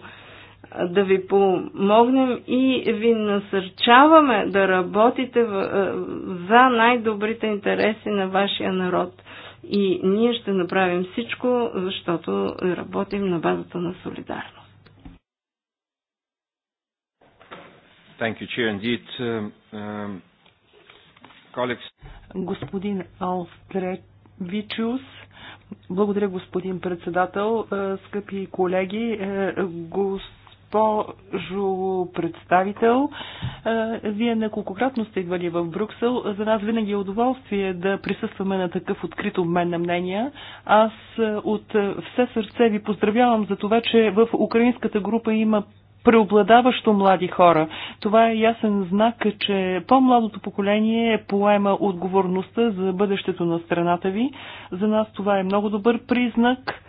S5: да ви помогнем и ви насърчаваме да работите в, е, за най-добрите интереси на вашия народ. И ние ще направим всичко, защото работим на базата на солидарност.
S1: Thank you, Chair. Indeed, um, um...
S6: Господин Алстревичус, благодаря господин председател, е, скъпи колеги, е, госпожо представител. Е, вие неколкократно сте идвали в Брюксел. За нас винаги е удоволствие да присъстваме на такъв открит обмен на мнения. Аз от все сърце ви поздравявам за това, че в украинската група има преобладаващо млади хора. Това е ясен знак, че по-младото поколение поема отговорността за бъдещето на страната ви. За нас това е много добър признак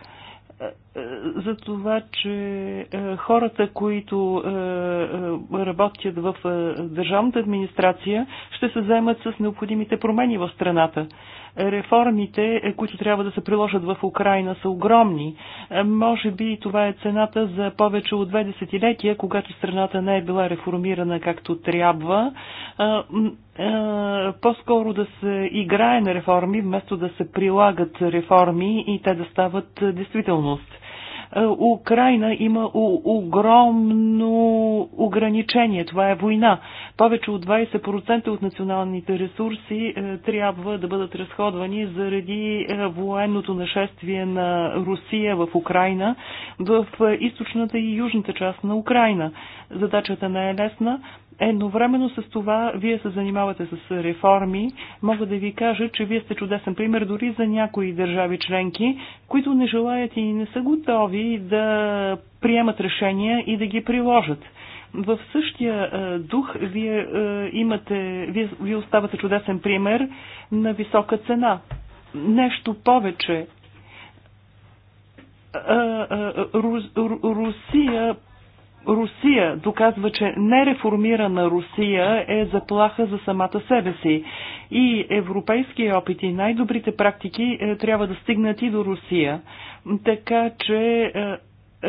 S6: е, е, за това, че е, хората, които работят в държавната администрация, ще се заемат с необходимите промени в страната. Реформите, е, които трябва да се приложат в Украина, са огромни. Е, може би това е цената за повече от две десетилетия, когато страната не е била реформирана както трябва. Е, по-скоро да се играе на реформи, вместо да се прилагат реформи и те да стават действителност. Е, Украина има огромно ограничение. Това е война. Повече от 20% от националните ресурси е, трябва да бъдат разходвани заради е, военното нашествие на Русия в Украина, в източната и южната част на Украина. Задачата не е лесна. Едновременно с това вие се занимавате с реформи. Мога да ви кажа, че вие сте чудесен пример дори за някои държави членки, които не желаят и не са готови да приемат решения и да ги приложат. В същия е, дух вие, е, имате, вие, вие оставате чудесен пример на висока цена. Нещо повече. Е, Русия Русия доказва, че нереформирана Русия е заплаха за самата себе си. И европейски опити, най-добрите практики е, трябва да стигнат и до Русия. Така че е,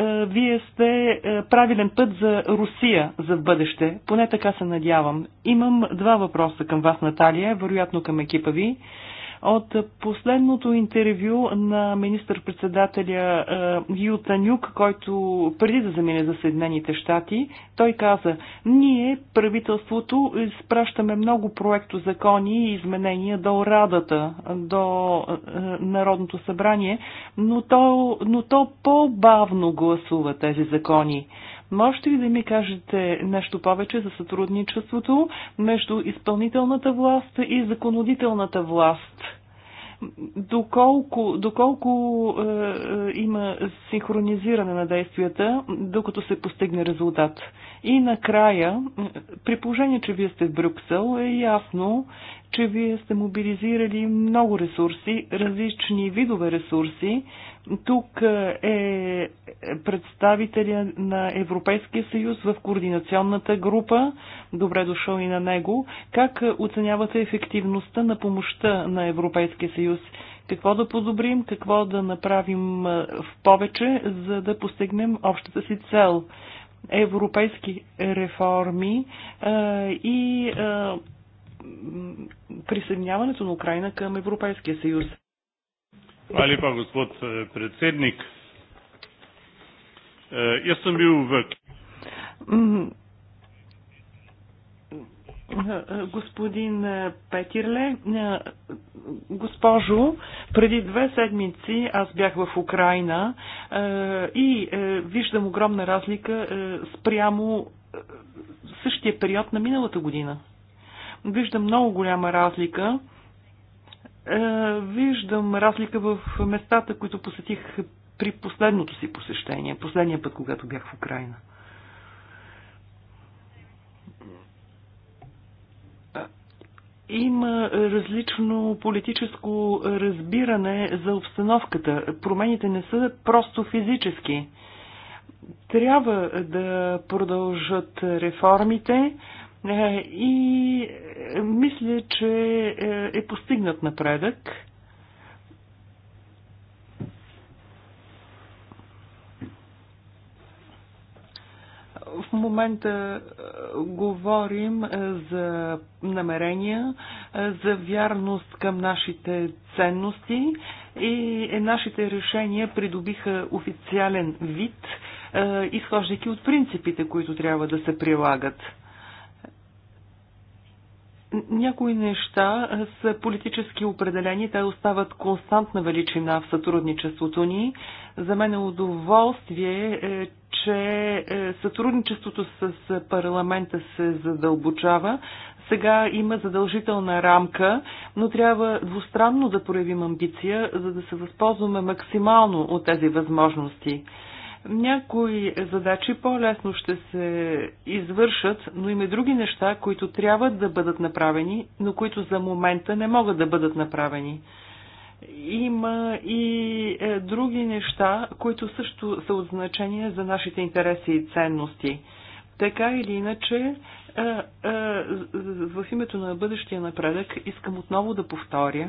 S6: е, вие сте правилен път за Русия за в бъдеще. Поне така се надявам. Имам два въпроса към вас, Наталия, вероятно към екипа ви. От последното интервю на министър-председателя е, Юта Нюк, който преди да замине за Съединените щати, той каза, ние, правителството, изпращаме много проекто закони и изменения до Радата, до е, Народното събрание, но то, но то по-бавно гласува тези закони. Можете ли да ми кажете нещо повече за сътрудничеството между изпълнителната власт и законодителната власт? доколко, доколко е, е, има синхронизиране на действията, докато се постигне резултат. И накрая, при положение, че вие сте в Брюксел, е ясно, че вие сте мобилизирали много ресурси, различни видове ресурси, тук е, е представителя на Европейския съюз в координационната група. Добре дошъл и на него. Как оценявате ефективността на помощта на Европейския съюз? Какво да подобрим, какво да направим е, в повече, за да постигнем общата си цел? Европейски реформи е, и присъединяването на Украина към Европейския съюз. Hvala lepa,
S1: gospod predsednik. Jaz sem bil v.
S6: Господин е, Петирле, е, госпожо, преди две седмици аз бях в Украина е, и виждам огромна разлика спрямо същия период на миналата година. Виждам много голяма разлика е, виждам разлика в местата, които посетих при последното си посещение, последния път, когато бях в Украина. Има различно политическо разбиране за обстановката. Промените не са просто физически. Трябва да продължат реформите, е, и е, мисля, че е, е постигнат напредък. в момента говорим за намерения, за вярност към нашите ценности и нашите решения придобиха официален вид, изхождайки от принципите, които трябва да се прилагат. Някои неща са политически определени, те остават константна величина в сътрудничеството ни. За мен е удоволствие, е, че е, сътрудничеството с парламента се задълбочава. Сега има задължителна рамка, но трябва двустранно да проявим амбиция, за да се възползваме максимално от тези възможности. Някои задачи по-лесно ще се извършат, но има и други неща, които трябва да бъдат направени, но които за момента не могат да бъдат направени. Има и е, други неща, които също са от значение за нашите интереси и ценности. Така или иначе, е, е, в името на бъдещия напредък искам отново да повторя,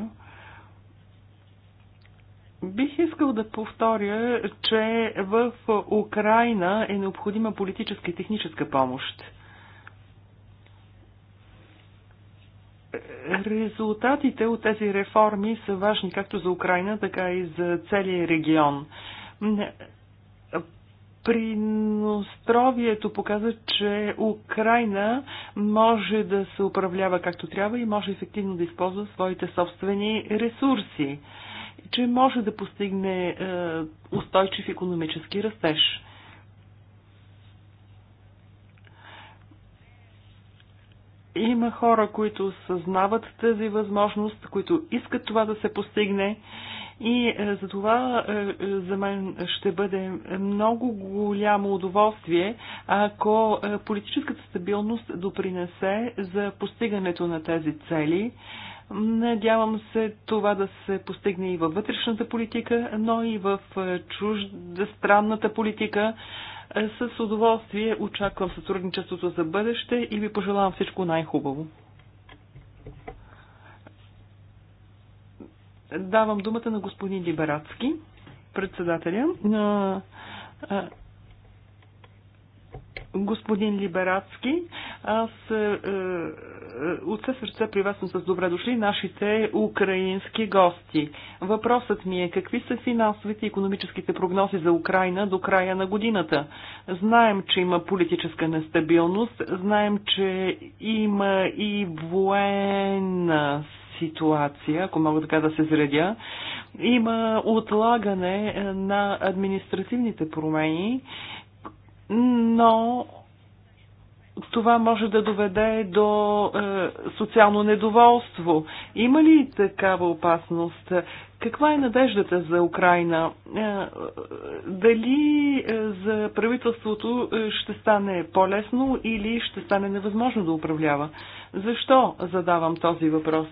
S6: Бих искал да повторя, че в Украина е необходима политическа и техническа помощ. Резултатите от тези реформи са важни както за Украина, така и за целия регион. Приностровието показа, че Украина може да се управлява както трябва и може ефективно да използва своите собствени ресурси че може да постигне е, устойчив економически растеж. Има хора, които съзнават тази възможност, които искат това да се постигне и е, за това е, е, за мен ще бъде много голямо удоволствие, ако политическата стабилност допринесе за постигането на тези цели. Надявам се това да се постигне и във вътрешната политика, но и в чужда странната политика. С удоволствие очаквам сътрудничеството за бъдеще и ви пожелавам всичко най-хубаво. Давам думата на господин Либерацки, председателя. Господин Либерацки, аз е, от все сърце приветствам с добре дошли нашите украински гости. Въпросът ми е какви са финансовите и економическите прогнози за Украина до края на годината? Знаем, че има политическа нестабилност, знаем, че има и военна ситуация, ако мога така да се зредя. Има отлагане е, на административните промени, но това може да доведе до е, социално недоволство. Има ли такава опасност? Каква е надеждата за Украина? Е, дали е, за правителството е, ще стане по-лесно или ще стане невъзможно да управлява? Защо задавам този въпрос?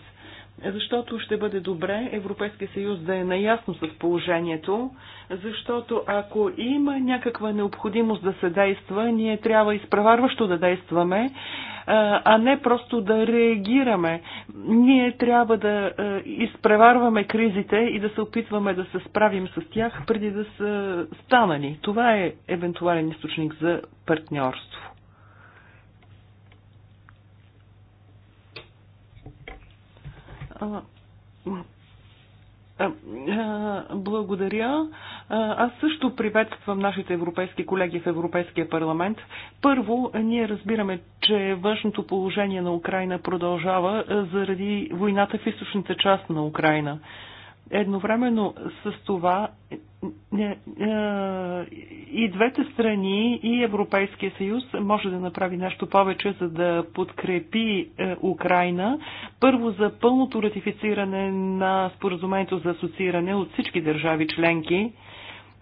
S6: защото ще бъде добре Европейския съюз да е наясно с положението, защото ако има някаква необходимост да се действа, ние трябва изпреварващо да действаме, а не просто да реагираме. Ние трябва да изпреварваме кризите и да се опитваме да се справим с тях преди да са станали. Това е евентуален източник за партньорство. Благодаря. Аз също приветствам нашите европейски колеги в Европейския парламент. Първо, ние разбираме, че външното положение на Украина продължава заради войната в източната част на Украина. Едновременно с това е, и двете страни, и Европейския съюз може да направи нещо повече, за да подкрепи е, Украина. Първо за пълното ратифициране на споразумението за асоцииране от всички държави членки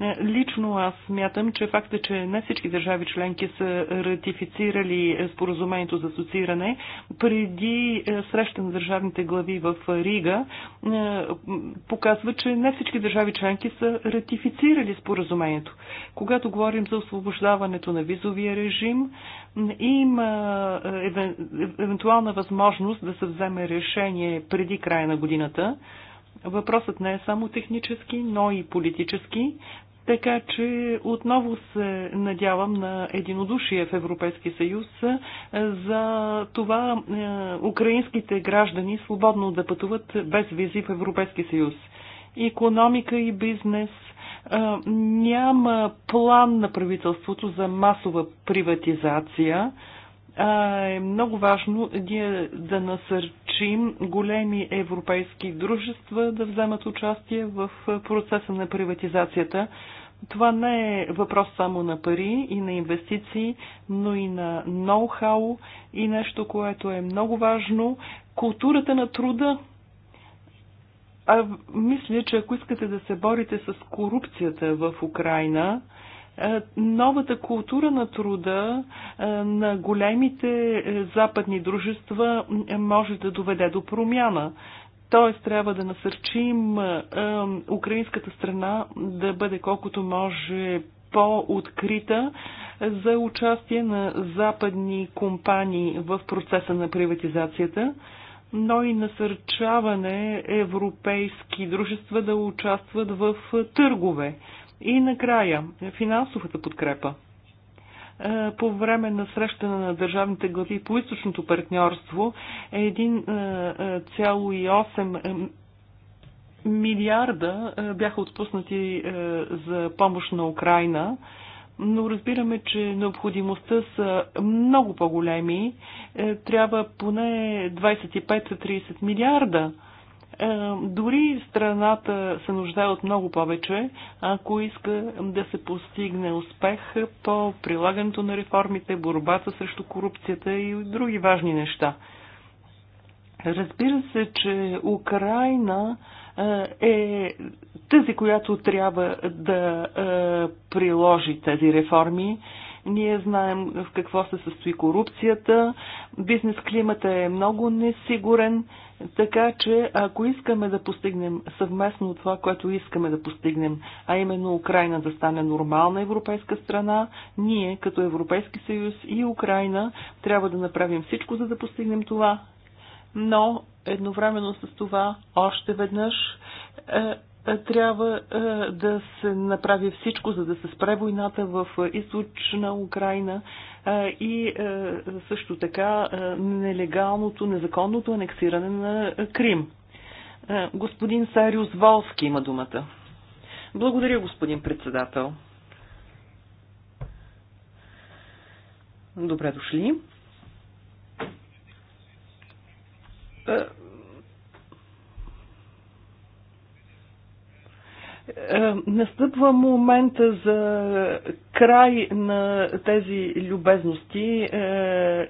S6: е, лично аз смятам, че факта, че не всички държави членки са ратифицирали споразумението за асоцииране, преди е, среща на държавните глави в Рига е, показва, че не всички държави членки са ратифицирали споразумението. Когато говорим за освобождаването на визовия режим, има евентуална възможност да се вземе решение преди края на годината. Въпросът не е само технически, но и политически. Така че отново се надявам на единодушие в Европейски съюз е, за това е, украинските граждани свободно да пътуват без визи в Европейския съюз. Економика и бизнес е, няма план на правителството за масова приватизация е много важно ние да насърчим големи европейски дружества да вземат участие в процеса на приватизацията. Това не е въпрос само на пари и на инвестиции, но и на ноу-хау и нещо, което е много важно културата на труда. А мисля, че ако искате да се борите с корупцията в Украина, е, новата култура на труда е, на големите е, западни дружества може да доведе до промяна. Тоест трябва да насърчим е, украинската страна да бъде колкото може по-открита за участие на западни компании в процеса на приватизацията, но и насърчаване европейски дружества да участват в търгове. И накрая, финансовата подкрепа. Е, по време на среща на държавните глави по източното партньорство е 1,8 е, е, милиарда бяха отпуснати за помощ на Украина но разбираме, че необходимостта са много по-големи. Трябва поне 25-30 милиарда. Е, дори страната се нуждае от много повече, ако иска да се постигне успех по прилагането на реформите, борбата срещу корупцията и други важни неща. Разбира се, че Украина е, е тази, която трябва да е, приложи тези реформи. Ние знаем в какво се състои корупцията, бизнес климата е много несигурен, така че, ако искаме да постигнем съвместно това, което искаме да постигнем, а именно Украина да стане нормална европейска страна, ние като Европейски съюз и Украина трябва да направим всичко, за да постигнем това. Но едновременно с това, още веднъж, е, е, трябва е, да се направи всичко, за да се спре войната в е, източна Украина и също така нелегалното, незаконното анексиране на Крим. Господин Сариус Волски има думата. Благодаря, господин председател. Добре дошли. Е, настъпва момента за край на тези любезности е,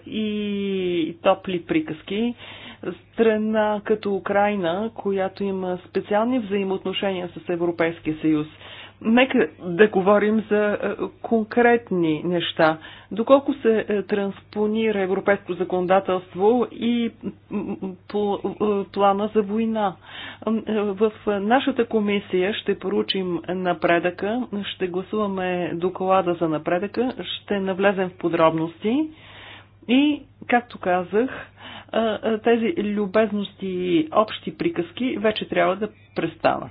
S6: и топли приказки. Страна като Украина, която има специални взаимоотношения с Европейския съюз, Нека да говорим за е, конкретни неща. Доколко се е, транспонира европейско законодателство и е, плана за война? В нашата комисия ще поручим напредъка, ще гласуваме доклада за напредъка, ще навлезем в подробности. И, както казах, тези любезности и общи приказки вече трябва да престанат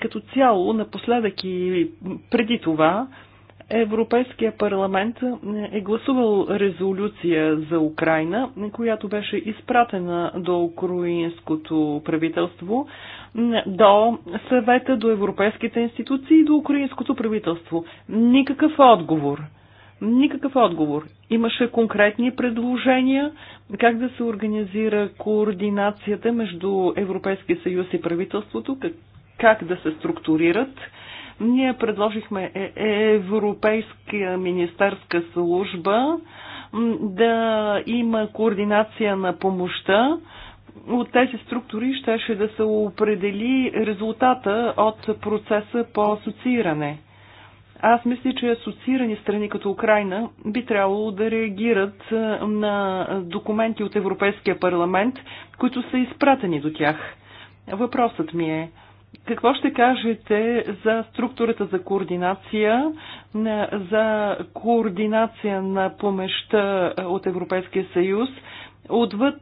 S6: като цяло, напоследък и преди това, Европейския парламент е гласувал резолюция за Украина, която беше изпратена до украинското правителство, до съвета, до европейските институции и до украинското правителство. Никакъв отговор. Никакъв отговор. Имаше конкретни предложения как да се организира координацията между Европейския съюз и правителството, как да се структурират. Ние предложихме е, Европейска министерска служба да има координация на помощта. От тези структури щеше да се определи резултата от процеса по асоцииране. Аз мисля, че асоциирани страни като Украина би трябвало да реагират е, на документи от Европейския парламент, които са изпратени до тях. Въпросът ми е, какво ще кажете за структурата за координация, за координация на помеща от Европейския съюз, отвъд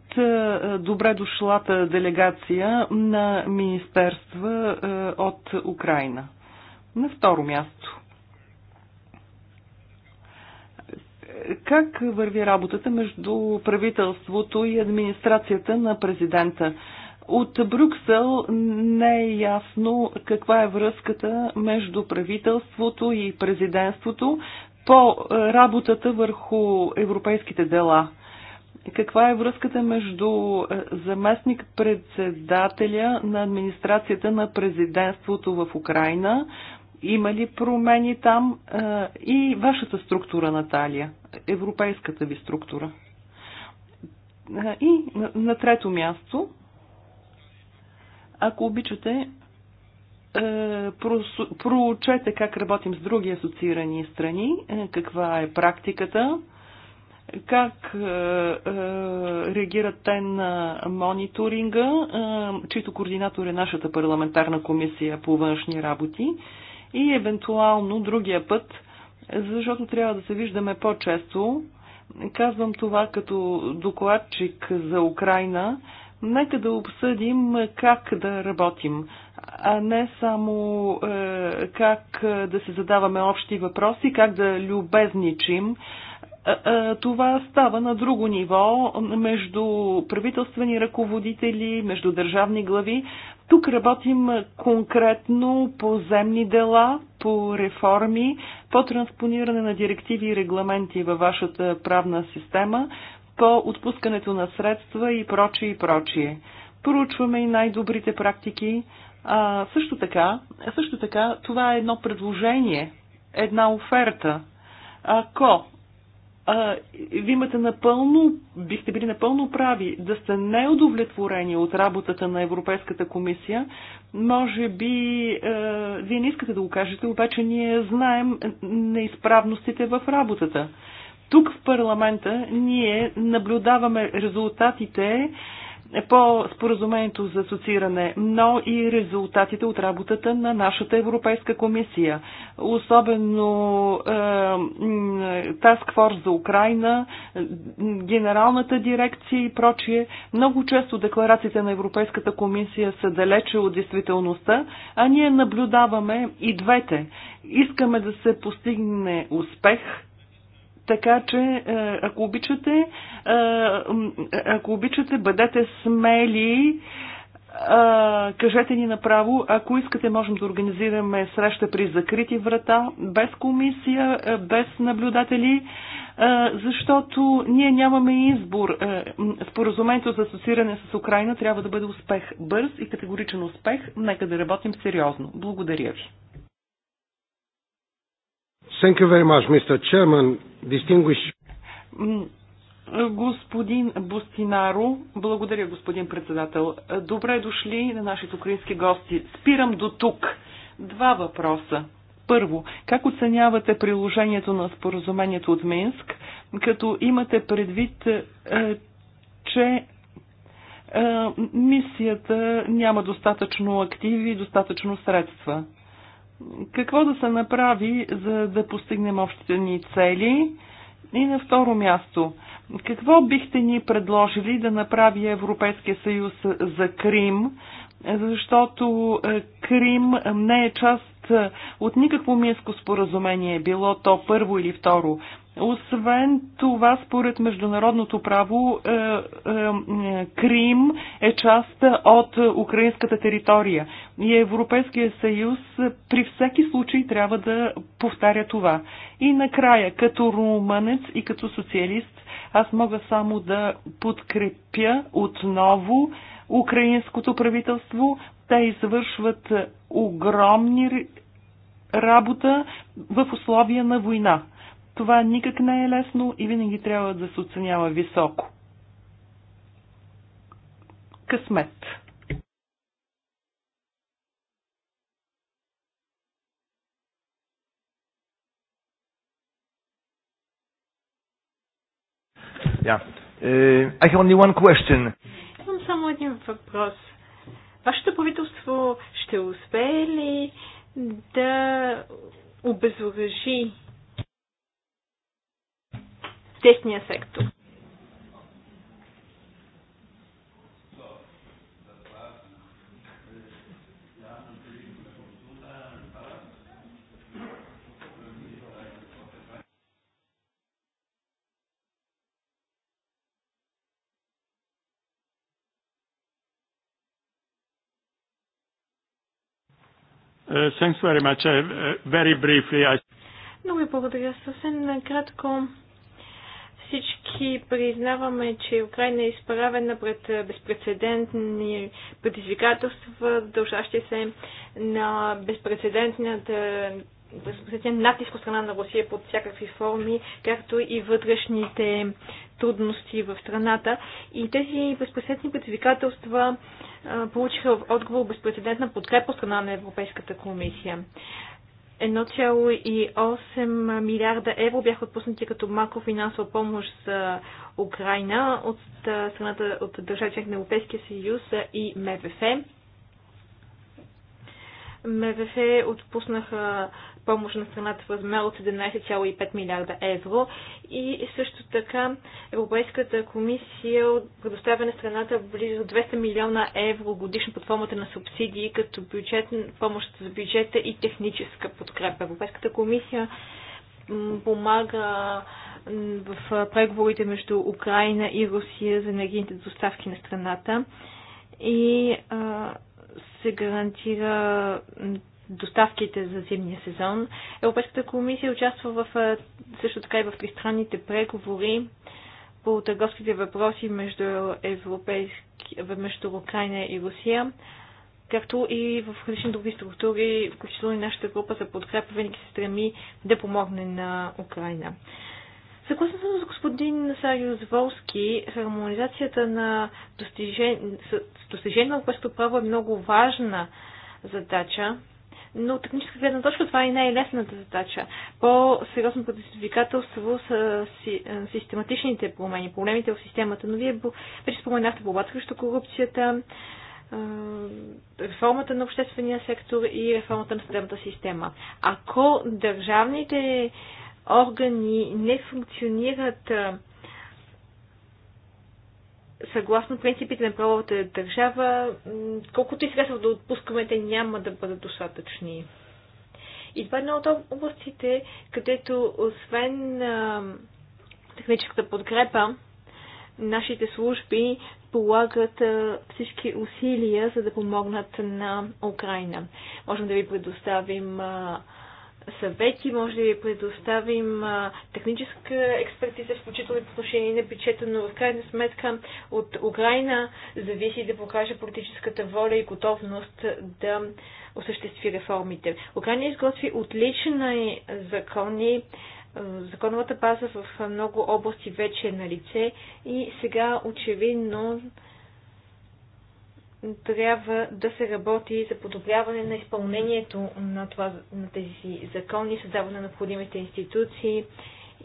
S6: добре дошлата делегация на министерства от Украина? На второ място. Как върви работата между правителството и администрацията на президента? От Брюксел не е ясно каква е връзката между правителството и президентството по е, работата върху европейските дела. Каква е връзката между е, заместник-председателя на администрацията на президентството в Украина? Има ли промени там е, и вашата структура, Наталия? Европейската ви структура? И на трето място, ако обичате, е, проучете как работим с други асоциирани страни, е, каква е практиката, как е, реагират те на мониторинга, чието координатор е нашата парламентарна комисия по външни работи и евентуално другия път, защото трябва да се виждаме по-често. Казвам това като докладчик за Украина, Нека да обсъдим как да работим, а не само е, как е, да се задаваме общи въпроси, как да любезничим. Е, това става на друго ниво, между правителствени ръководители, между държавни глави. Тук работим конкретно по земни дела, по реформи, по транспониране на директиви и регламенти във вашата правна система, по отпускането на средства и прочие и прочие. Проучваме и най-добрите практики. А, също, така, също така, това е едно предложение, една оферта. Ако ви имате напълно, бихте били напълно прави да сте неудовлетворени от работата на Европейската комисия, може би а, вие не искате да го кажете, обаче ние знаем неизправностите в работата. Тук в парламента ние наблюдаваме резултатите по споразумението за асоцииране, но и резултатите от работата на нашата Европейска комисия. Особено Таск е, Форс за Украина, Генералната дирекция и прочие. Много често декларациите на Европейската комисия са далече от действителността, а ние наблюдаваме и двете. Искаме да се постигне успех – така че, е, ако обичате, е, ако обичате, бъдете смели. Е, кажете ни направо, ако искате, можем да организираме среща при закрити врата, без комисия, без наблюдатели, защото ние нямаме избор. споразумението за асоцииране с Украина трябва да бъде успех, бърз и категоричен успех. Нека да работим сериозно. Благодаря ви.
S4: Thank you very much, Mr. Chairman. Distinguished...
S6: Господин Бустинаро, благодаря господин председател. Добре дошли на нашите украински гости. Спирам до тук. Два въпроса. Първо, как оценявате приложението на споразумението от Минск, като имате предвид, е, че е, мисията няма достатъчно активи и достатъчно средства? какво да се направи, за да постигнем общите ни цели? И на второ място, какво бихте ни предложили да направи Европейския съюз за Крим, защото е, Крим не е част от никакво миско споразумение, било то първо или второ. Освен това, според международното право, е, е, Крим е част от украинската територия. И Европейския съюз при всеки случай трябва да повтаря това. И накрая, като румънец и като социалист, аз мога само да подкрепя отново украинското правителство. Те извършват огромни работа в условия на война. Това никак не е лесно и винаги трябва да се оценява високо. Късмет. Yeah. Uh, I have only one question.
S2: Имам само един въпрос. Вашето правителство ще успее ли да обезоръжи тесния сектор.
S1: Uh, thanks very much. Uh, uh, very briefly, I...
S2: Много ви благодаря. Съвсем накратко всички признаваме, че Украина е изправена пред безпредседентни предизвикателства, дължащи се на безпредседентната натиск от страна на Русия под всякакви форми, както и вътрешните трудности в страната. И тези безпредседентни предизвикателства получиха в отговор безпредседентна подкрепа от страна на Европейската комисия. 1,8 милиарда евро бяха отпуснати като макрофинансова помощ за Украина от страната от държавите на Европейския съюз и МВФ. МВФ отпуснаха помощ на страната в размер от 17,5 милиарда евро и също така Европейската комисия предоставя на страната близо 200 милиона евро годишно под формата на субсидии като бюджет, помощ за бюджета и техническа подкрепа. Европейската комисия помага в преговорите между Украина и Русия за енергийните доставки на страната и а, се гарантира доставките за зимния сезон. Европейската комисия участва в, също така и в тристранните преговори по търговските въпроси между, европейски, между Украина и Русия, както и в различни други структури, включително и нашата група за подкрепа винаги се стреми да помогне на Украина. Съгласно с господин Сариус Волски, хармонизацията на достижение, достижение на право е много важна задача, но от техническа гледна точка това е най-лесната задача. По-сериозно предизвикателство са е, систематичните промени, проблемите в системата. Но вие вече споменахте борбата срещу корупцията, е, реформата на обществения сектор и реформата на съдебната система. Ако държавните органи не функционират е, съгласно принципите на правовата държава, колкото и средства да отпускаме, те няма да бъдат достатъчни. И това е една от областите, където освен а, техническата подкрепа, нашите служби полагат а, всички усилия, за да помогнат на Украина. Можем да ви предоставим а, съвети, може да ви предоставим а, техническа експертиза, включително и по отношение на бюджета, но в крайна сметка от Украина зависи да покаже политическата воля и готовност да осъществи реформите. Украина изготви отлични закони, законовата база в много области вече е на лице и сега очевидно трябва да се работи за подобряване на изпълнението на, това, на тези закони, създаване на необходимите институции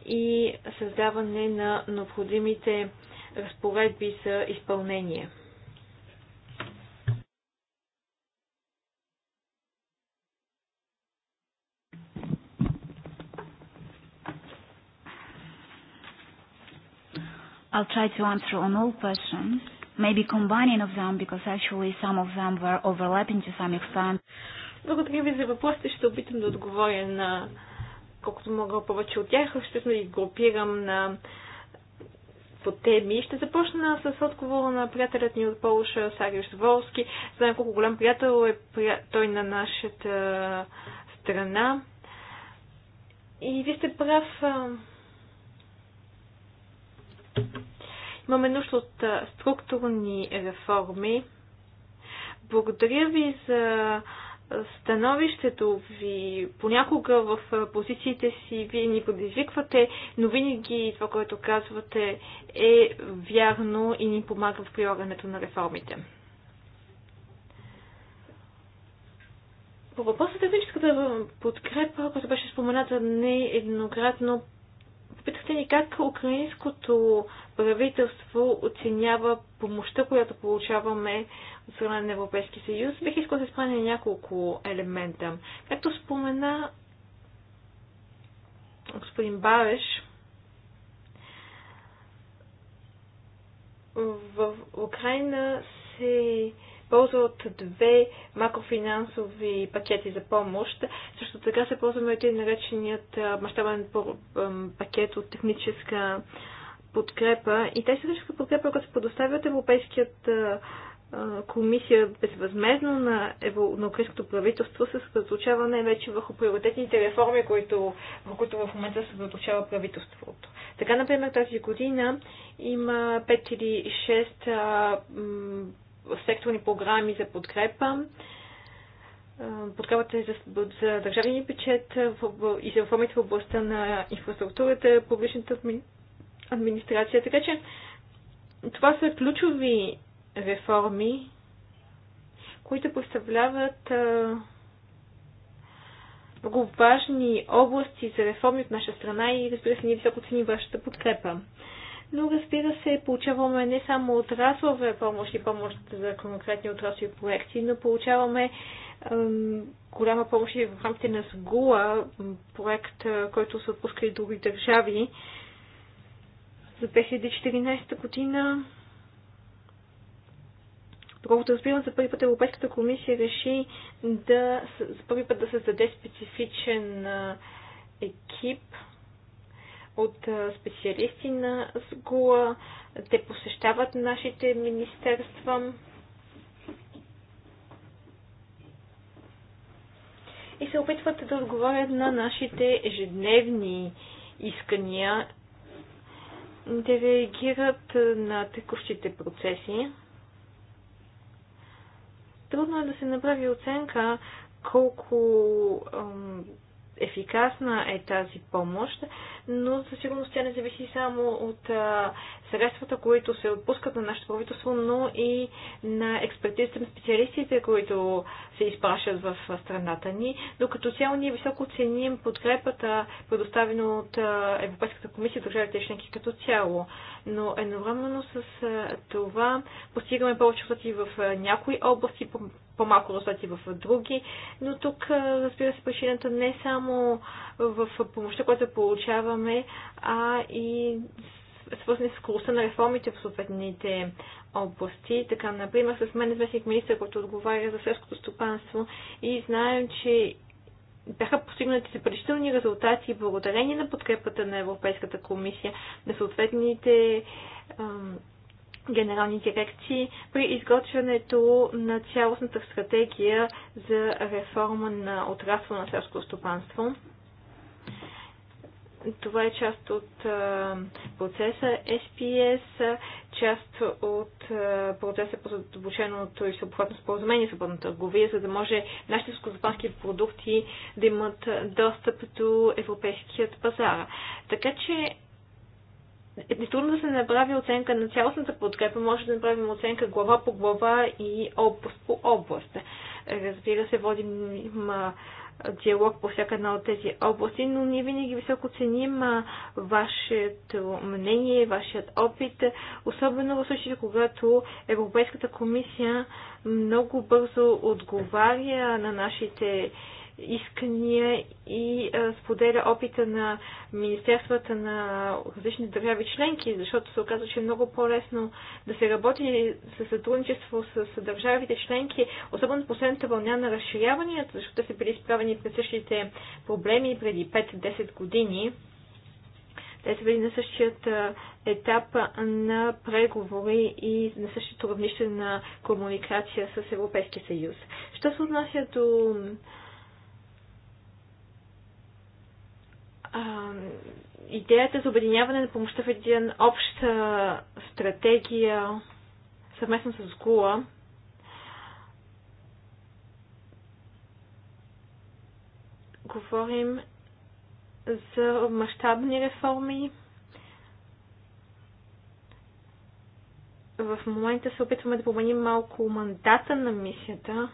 S2: и създаване на необходимите разпоредби за изпълнение. I'll try to answer on all questions maybe combining of them, because actually some of them were overlapping to some extent. Благодаря ви за въпросите. Ще опитам да отговоря на колкото мога повече от тях. Ще ги групирам на по теми. Ще започна с отговора на приятелят ни от Полша, Сариус Волски. Знаем колко голям приятел е той на нашата страна. И вие сте прав. Имаме нужда от структурни реформи. Благодаря ви за становището ви. Понякога в позициите си вие ни предизвиквате, но винаги това, което казвате е вярно и ни помага в прилагането на реформите. По въпроса техническата подкрепа, която беше спомената нееднократно, Питахте ни как украинското правителство оценява помощта, която получаваме от страна на Европейски съюз. Бих искал да спомена няколко елемента. Както спомена господин Бареш, в Украина се ползва от две макрофинансови пакети за помощ. Също така се ползваме един нареченият мащабен пакет от техническа подкрепа. И тази техническа подкрепа, която се предоставя от Европейският комисия безвъзмезно на, ево, на украинското правителство се съсредоточава най-вече върху приоритетните реформи, които, върху които в момента се съсредоточава правителството. Така, например, тази година има 5 или 6 а, м, секторни програми за подкрепа, подкрепата е за, за държавния бюджет и за реформите в областта на инфраструктурата, публичната администрация. Така че това са ключови реформи, които представляват много важни области за реформи от наша страна и разбира се, ние високо цени вашата подкрепа но разбира се, получаваме не само отраслова помощ и помощ за конкретни отрасли проекти, но получаваме голяма помощ и в рамките на СГУА, проект, който се отпуска и други държави. За 2014 година Доколкото разбирам, за първи път Европейската комисия реши да, за първи път да създаде специфичен екип, от специалисти на СГУА. Те посещават нашите министерства. И се опитват да отговарят на нашите ежедневни искания, да реагират на текущите процеси. Трудно е да се направи оценка колко ефикасна е тази помощ, но със сигурност тя не зависи само от а, средствата, които се отпускат на нашето правителство, но и на експертизите на специалистите, които се изпращат в страната ни. Но като цяло ние високо ценим подкрепата, предоставена от Европейската комисия, държавите членки като цяло. Но едновременно с това постигаме повече резултати в някои области, по-малко резултати в други. Но тук, разбира се, причината не е само в помощта, която получаваме изискваме, а и свързани с курса на реформите в съответните области. Така, например, с мен известник министър, който отговаря за селското стопанство и знаем, че бяха постигнати запрещителни резултати благодарение на подкрепата на Европейската комисия, на съответните ам, генерални дирекции при изготвянето на цялостната стратегия за реформа на отрасло на селското стопанство. Това е част от процеса SPS, част от процеса по задълбоченото и съобхватно споразумение свободна търговия, за да може нашите скозапански продукти да имат достъп до европейският пазар. Така че е, е трудно да се направи оценка на цялостната подкрепа, може да направим оценка глава по глава и област по област. Разбира се, водим диалог по всяка една от тези области, но ние винаги високо ценим вашето мнение, вашият опит, особено в случаите, когато Европейската комисия много бързо отговаря на нашите искания и споделя опита на министерствата на различни държави членки, защото се оказва, че е много по-лесно да се работи със сътрудничество с държавите членки, особено последната вълня на разширяванията, защото те са били изправени пред същите проблеми преди 5-10 години. Те са били на същият етап на преговори и на същото равнище на комуникация с Европейския съюз. Що се отнася до идеята за обединяване на помощта в един обща стратегия съвместно с Гула, говорим за мащабни реформи. В момента се опитваме да променим малко мандата на мисията,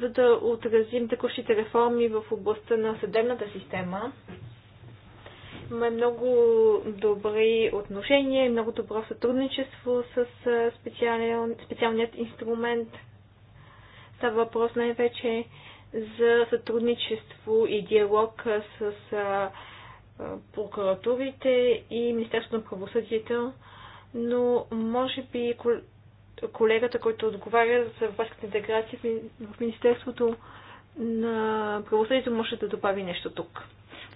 S2: за да отразим текущите реформи в областта на съдебната система. Имаме много добри отношения и много добро сътрудничество с специалният инструмент. Става въпрос най-вече за сътрудничество и диалог с прокуратурите и Министерството на правосъдието, но може би колегата, който отговаря за европейската интеграция в Министерството на правосъдието, може да добави нещо тук.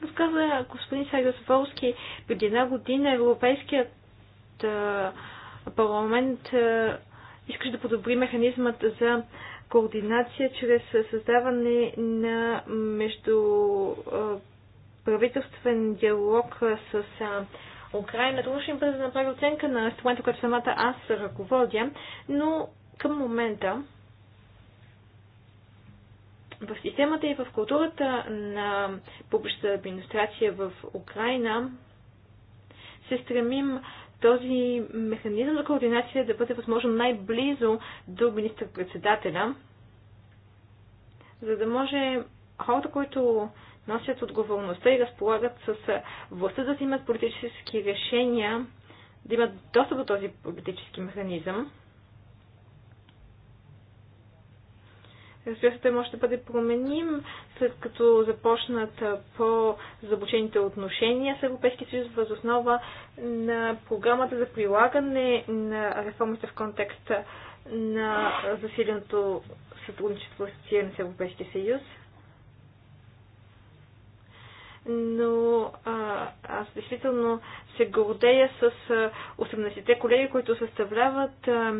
S2: Разказа господин Сайгас Волски, преди една година Европейският парламент искаше да подобри механизмът за координация чрез създаване на между правителствен диалог с Украина. Трудно ще им бъде да направи оценка на инструмента, който самата аз ръководя, но към момента в системата и в културата на публичната администрация в Украина се стремим този механизъм за координация да бъде възможно най-близо до министър-председателя, за да може хората, които носят отговорността и разполагат с властта да взимат политически решения, да имат достъп до този политически механизъм. Разбира се, той може да бъде променим, след като започнат по-забочените отношения с Европейския съюз въз основа на програмата за прилагане на реформите в контекста на засиленото сътрудничество с Европейския съюз но а, аз действително се гордея с 18-те колеги, които съставляват а,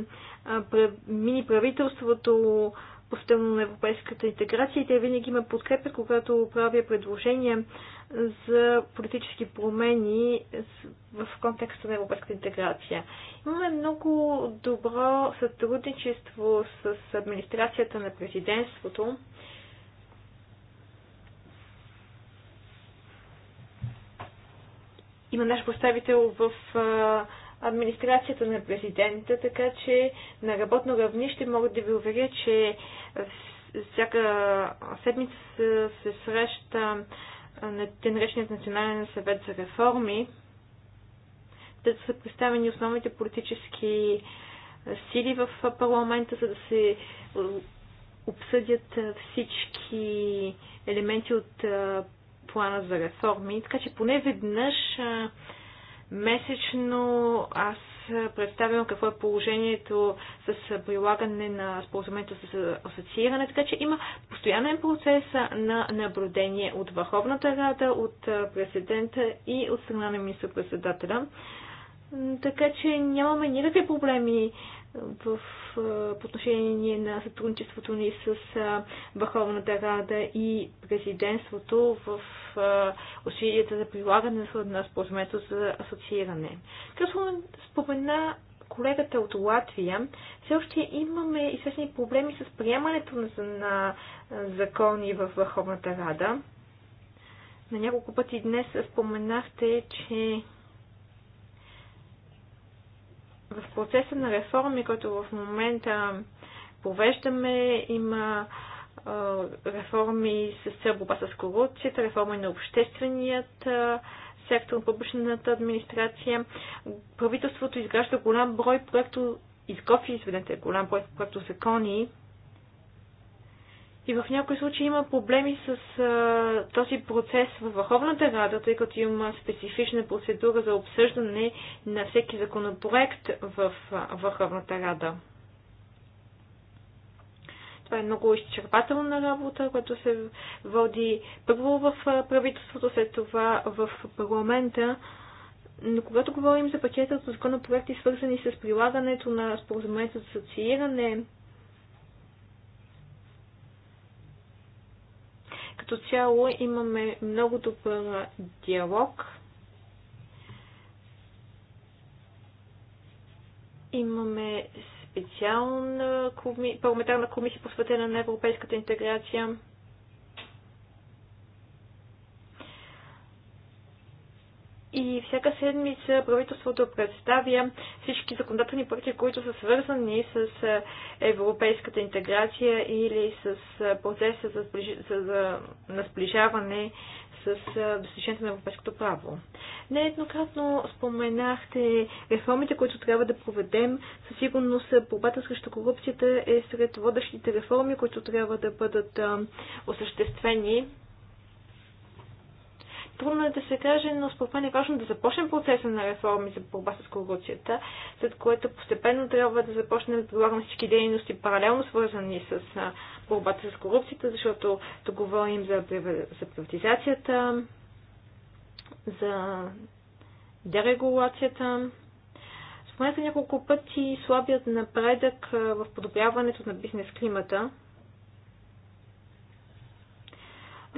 S2: а, мини правителството постъпно на европейската интеграция и те винаги ме подкрепят, когато правя предложения за политически промени в контекста на европейската интеграция. Имаме много добро сътрудничество с администрацията на президентството има наш представител в администрацията на президента, така че на работно равнище мога да ви уверя, че всяка седмица се среща на тенречният Национален съвет за реформи, да са представени основните политически сили в парламента, за да се обсъдят всички елементи от плана за реформи, така че поне веднъж месечно аз представям какво е положението с прилагане на споразумението с асоцииране, така че има постоянен процес на наблюдение от Върховната рада, от президента и от страна на министър-председателя. Така че нямаме никакви проблеми в, по отношение на сътрудничеството ни с Върховната Рада и президентството в усилията за прилагане на споразумението за асоцииране. Като спомена колегата от Латвия, все още имаме известни проблеми с приемането на, на закони в Върховната Рада. На няколко пъти днес споменахте, че в процеса на реформи, който в момента повеждаме, има реформи с цел борба с корупцията, реформи на общественият сектор, на публичната администрация. Правителството изгражда голям брой проекто, изготви, изведете голям брой проекто закони, и в някои случаи има проблеми с а, този процес във Върховната Рада, тъй като има специфична процедура за обсъждане на всеки законопроект в а, Върховната Рада. Това е много изчерпателна работа, която се води първо в правителството, след това в парламента. Но когато говорим за пакета от законопроекти, свързани с прилагането на споразумението за асоцииране като цяло имаме много добър диалог. Имаме специална парламентарна комисия, посветена на европейската интеграция. и всяка седмица правителството представя всички законодателни проекти, които са свързани с европейската интеграция или с процеса за, сближ... за... на сближаване с достижението на европейското право. Нееднократно споменахте реформите, които трябва да проведем. Със сигурност борбата срещу корупцията е сред водещите реформи, които трябва да бъдат осъществени Трудно е да се каже, но според мен е важно да започнем процеса на реформи за борба с корупцията, след което постепенно трябва да започнем да прилагаме всички дейности, паралелно свързани с борбата с корупцията, защото тук говорим за, за приватизацията, за дерегулацията. Споменаха няколко пъти слабият напредък в подобряването на бизнес климата.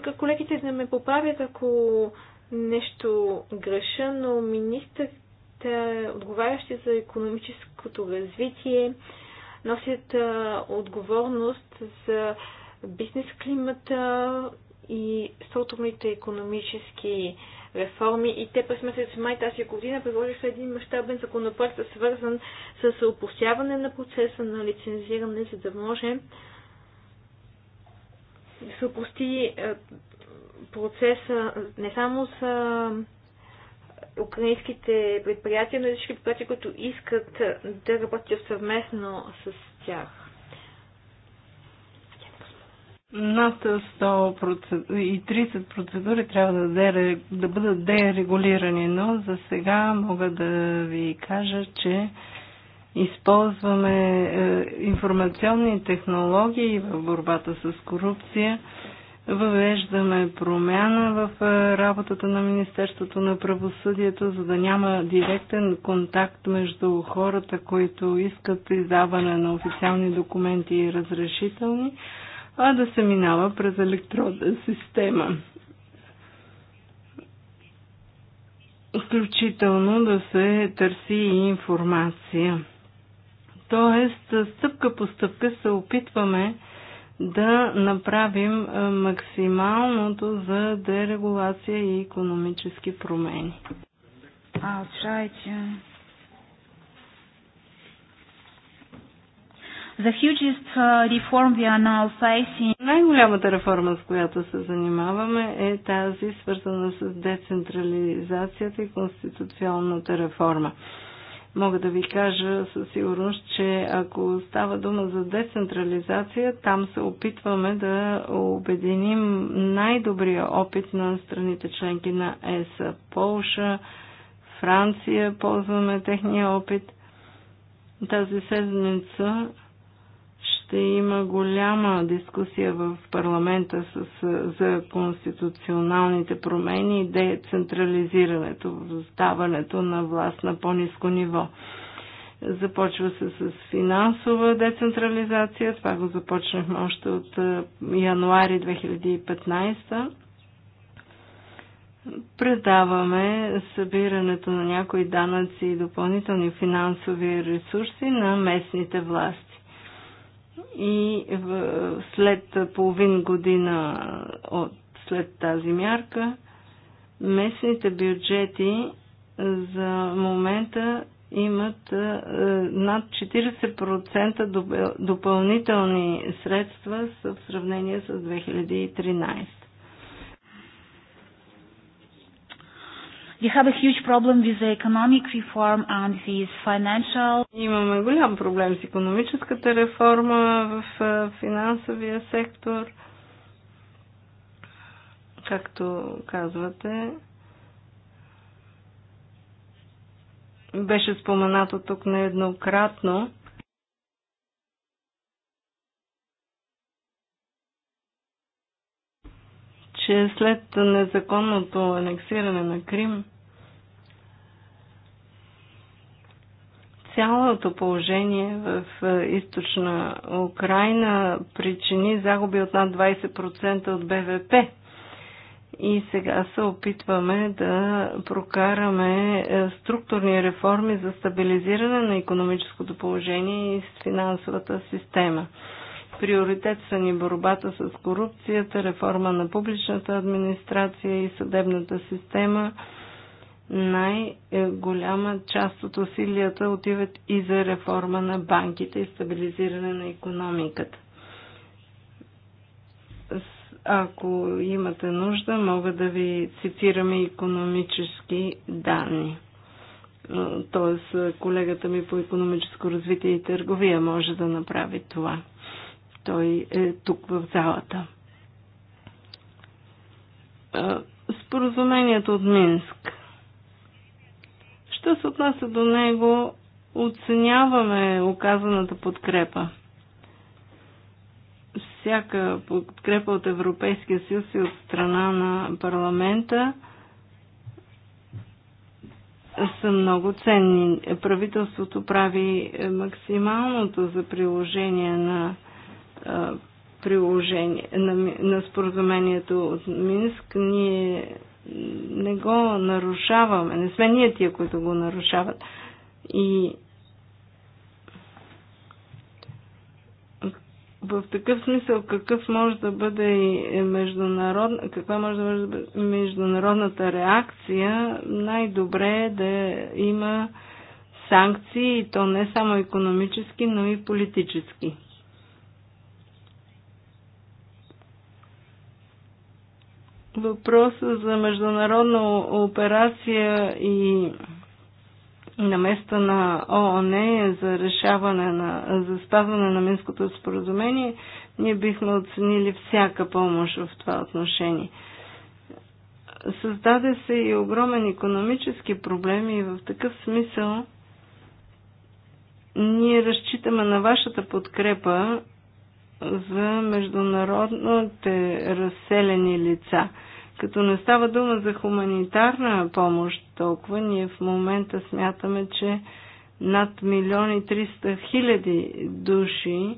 S2: Тук колегите да ме поправят, ако нещо греша, но министрите, отговарящи за економическото развитие, носят отговорност за бизнес климата и структурните економически реформи и те през месец май тази година предложиха един мащабен законопроект, свързан с опустяване на процеса на лицензиране, за да може се опрости е, процеса не само с е, украинските предприятия, но и всички предприятия, които искат да работят съвместно с тях.
S5: Над 30 процедури трябва да, де, да бъдат дерегулирани, но за сега мога да ви кажа, че използваме е, информационни технологии в борбата с корупция, въвеждаме промяна в е, работата на Министерството на правосъдието, за да няма директен контакт между хората, които искат издаване на официални документи и разрешителни, а да се минава през електронна система. Включително да се търси и информация. Тоест, стъпка по стъпка се опитваме да направим максималното за дерегулация и економически промени. The hugest uh, reform we are now facing. Най-голямата реформа, с която се занимаваме, е тази свързана с децентрализацията и конституционната реформа. Мога да ви кажа със сигурност, че ако става дума за децентрализация, там се опитваме да обединим най-добрия опит на страните членки на ЕС. Полша, Франция, ползваме техния опит. Тази седмица ще има голяма дискусия в парламента с, за конституционалните промени и децентрализирането, сдаването на власт на по-низко ниво. Започва се с финансова децентрализация, това го започнахме още от е, януари 2015 предаваме събирането на някои данъци и допълнителни финансови ресурси на местните власти и след половин година от, след тази мярка местните бюджети за момента имат е, над 40% допълнителни средства в сравнение с 2013. have a huge problem with the economic reform and financial. Имаме голям проблем с економическата реформа в е, финансовия сектор. Както казвате, беше споменато тук нееднократно че след незаконното анексиране на Крим, цялото положение в е, източна Украина причини загуби от над 20% от БВП. И сега се опитваме да прокараме е, структурни реформи за стабилизиране на економическото положение и финансовата система. Приоритет са ни борбата с корупцията, реформа на публичната администрация и съдебната система. Най-голяма част от усилията отиват и за реформа на банките и стабилизиране на економиката. Ако имате нужда, мога да ви цитираме економически данни Тоест, колегата ми по економическо развитие и търговия може да направи това. Той е тук в залата. Споразумението от Минск. Що се отнася до него, оценяваме оказаната подкрепа. Всяка подкрепа от Европейския съюз и от страна на парламента са много ценни. Правителството прави максималното за приложение на приложение, на, на споразумението от Минск, ние не го нарушаваме. Не сме ние тия, които го нарушават. И в такъв смисъл, какъв може да бъде международна, каква може да бъде международната реакция, най-добре е да има санкции, и то не само економически, но и политически. въпроса за международна операция и на места на ООН за решаване на, за спазване на Минското споразумение, ние бихме оценили всяка помощ в това отношение. Създаде се и огромен економически проблем и в такъв смисъл ние разчитаме на вашата подкрепа за международните разселени лица – като не става дума за хуманитарна помощ толкова, ние в момента смятаме, че над милиони и 300 хиляди души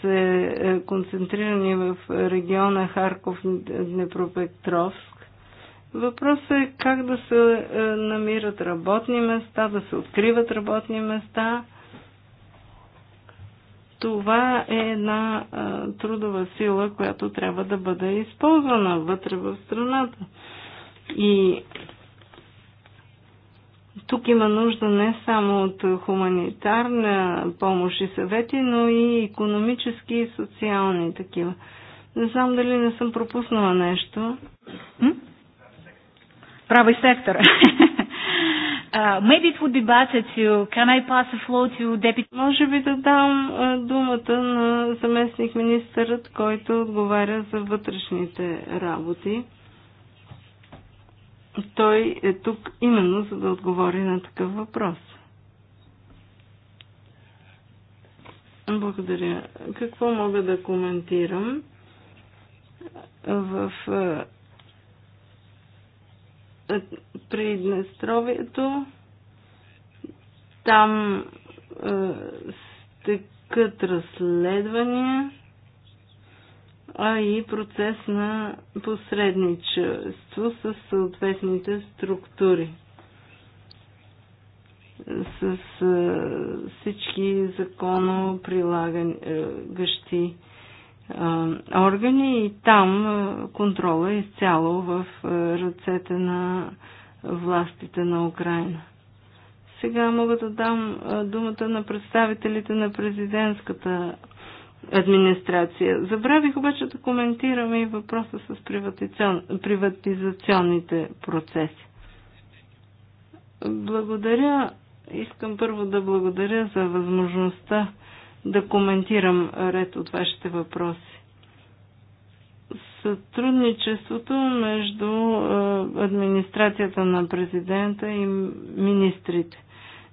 S5: са е, концентрирани в региона Харков-Днепропетровск. Въпросът е как да се е, намират работни места, да се откриват работни места – това е една а, трудова сила, която трябва да бъде използвана вътре в страната. И тук има нужда не само от хуманитарна помощ и съвети, но и економически и социални такива. Не знам дали не съм пропуснала нещо. Прави сектора. Uh, maybe it would be better to... Can I pass the floor to deputy... Може би да дам думата на заместник министърът, който отговаря за вътрешните работи. Той е тук именно за да отговори на такъв въпрос. Благодаря. Какво мога да коментирам? В Приднестровието. Там е, разследвания, а и процес на посредничество с съответните структури. С е, всички законоприлагащи е, органи и там контрола е изцяло в ръцете на властите на Украина. Сега мога да дам думата на представителите на президентската администрация. Забравих обаче да коментирам и въпроса с приватизационните процеси. Благодаря. Искам първо да благодаря за възможността да коментирам ред от вашите въпроси. Сътрудничеството между администрацията на президента и министрите.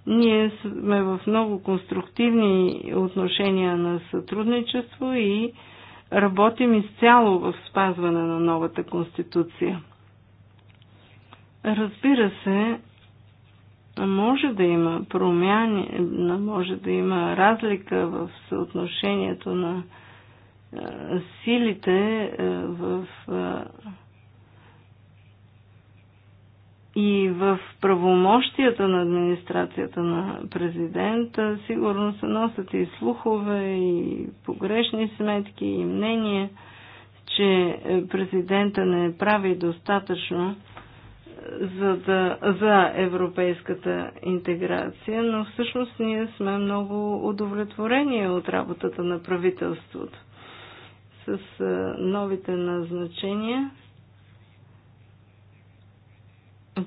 S5: Ние сме в много конструктивни отношения на сътрудничество и работим изцяло в спазване на новата конституция. Разбира се, може да има промяни, може да има разлика в съотношението на е, силите е, в е, и в правомощията на администрацията на президента сигурно се носят и слухове, и погрешни сметки, и мнение, че президента не прави достатъчно за, да, за европейската интеграция, но всъщност ние сме много удовлетворени от работата на правителството. С новите назначения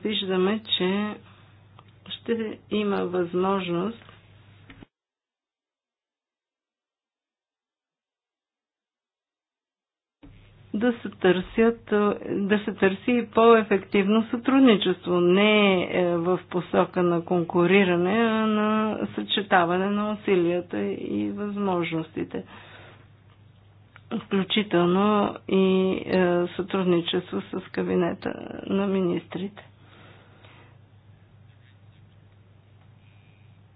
S5: виждаме, че ще има възможност да се, търсят, е, да се търси и по-ефективно сътрудничество, не е, в посока на конкуриране, а на съчетаване на усилията и възможностите. Включително и е, сътрудничество с кабинета на министрите.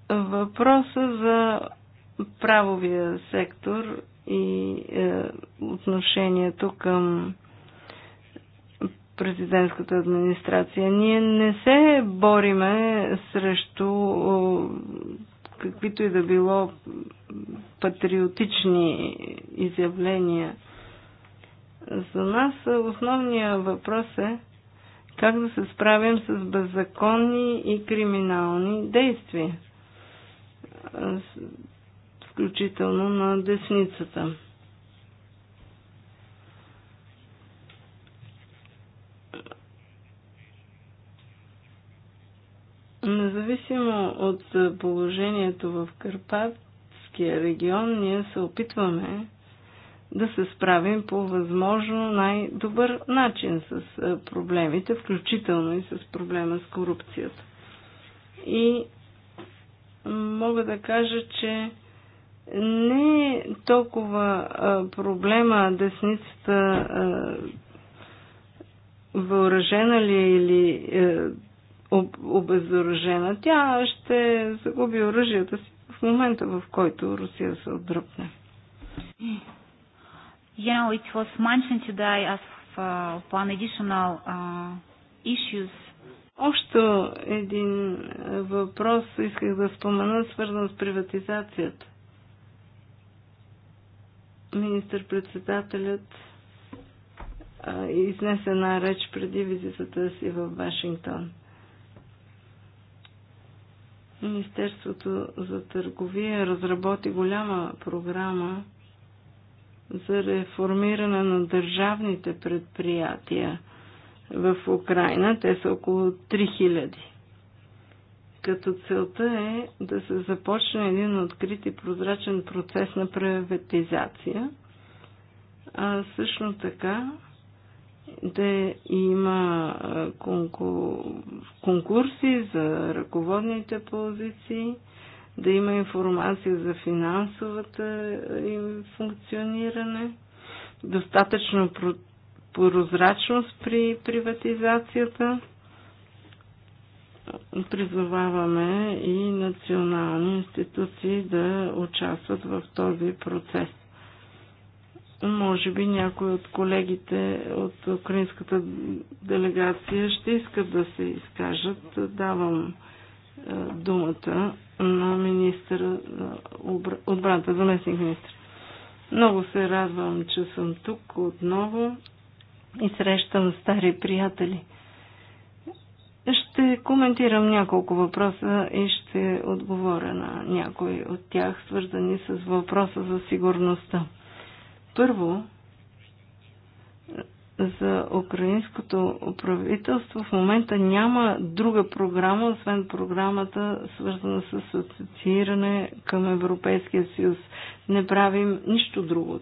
S5: Въпроса за правовия сектор и е, отношението към президентската администрация. Ние не се бориме срещу каквито и да било патриотични изявления. За нас основният въпрос е как да се справим с беззаконни и криминални действия включително на десницата. Независимо от положението в Карпатския регион, ние се опитваме да се справим по възможно най-добър начин с проблемите, включително и с проблема с корупцията. И мога да кажа, че не е толкова а, проблема десницата а, въоръжена ли е или а, е, обезоръжена. Тя ще загуби оръжията си в момента, в който Русия се
S6: отдръпне.
S2: You know, it was mentioned today as uh, one additional uh, issues още един
S5: е, въпрос исках да спомена, свързан с приватизацията министър-председателят изнесе една реч преди визитата си в Вашингтон. Министерството за търговия разработи голяма програма за реформиране на държавните предприятия в Украина. Те са около 3000 като целта е да се започне един открит и прозрачен процес на приватизация, а също така да има конкурси за ръководните позиции, да има информация за финансовата им функциониране, достатъчно прозрачност при приватизацията – призоваваме и национални институции да участват в този процес. Може би някои от колегите от украинската делегация ще искат да се изкажат. Давам е, думата на министъра е, на отбраната, заместник министър. Много се радвам, че съм тук отново и срещам стари приятели. Ще коментирам няколко въпроса и ще отговоря на някои от тях, свързани с въпроса за сигурността. Първо, за украинското правителство в момента няма друга програма, освен програмата свързана с асоцииране към Европейския съюз. Не правим нищо друго.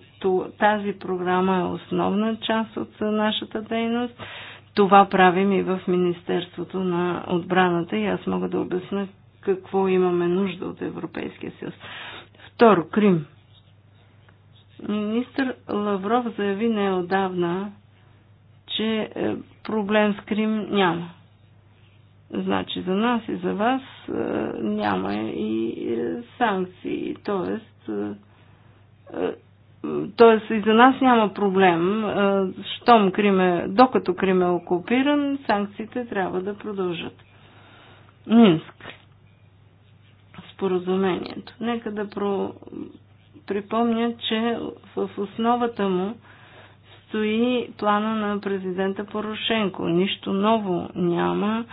S5: Тази програма е основна част от нашата дейност това правим и в Министерството на отбраната и аз мога да обясня какво имаме нужда от Европейския съюз. Второ, Крим. Министр Лавров заяви неодавна, че е, проблем с Крим няма. Значи за нас и за вас е, няма и е, санкции. Тоест, т.е. и за нас няма проблем. Щом Криме, докато Крим е окупиран, санкциите трябва да продължат. Минск. Споразумението. Нека да про... припомня, че в основата му стои плана на президента Порошенко. Нищо ново няма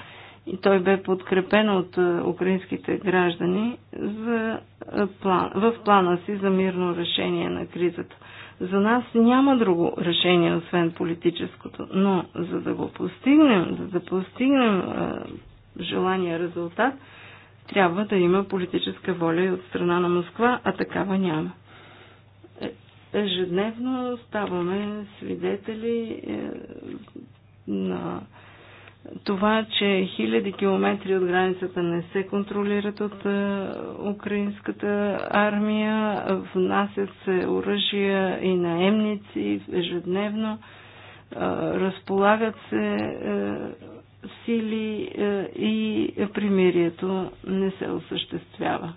S5: и той бе подкрепен от е, украинските граждани за е, план, в плана си за мирно решение на кризата. За нас няма друго решение, освен политическото, но за да го постигнем, за да постигнем е, желания резултат, трябва да има политическа воля и от страна на Москва, а такава няма. Ежедневно ставаме свидетели на това, че хиляди километри от границата не се контролират от е, украинската армия, внасят се оръжия и наемници ежедневно, е, разполагат се е, сили и примирието не се осъществява.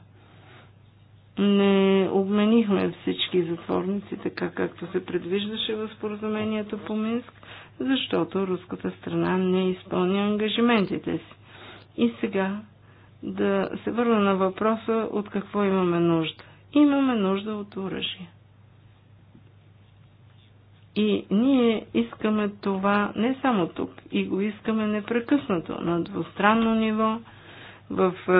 S5: Не обменихме всички затворници, така както се предвиждаше в споразумението по Минск защото руската страна не изпълни ангажиментите си. И сега да се върна на въпроса от какво имаме нужда. Имаме нужда от оръжие. И ние искаме това не само тук, и го искаме непрекъснато на двустранно ниво, в е,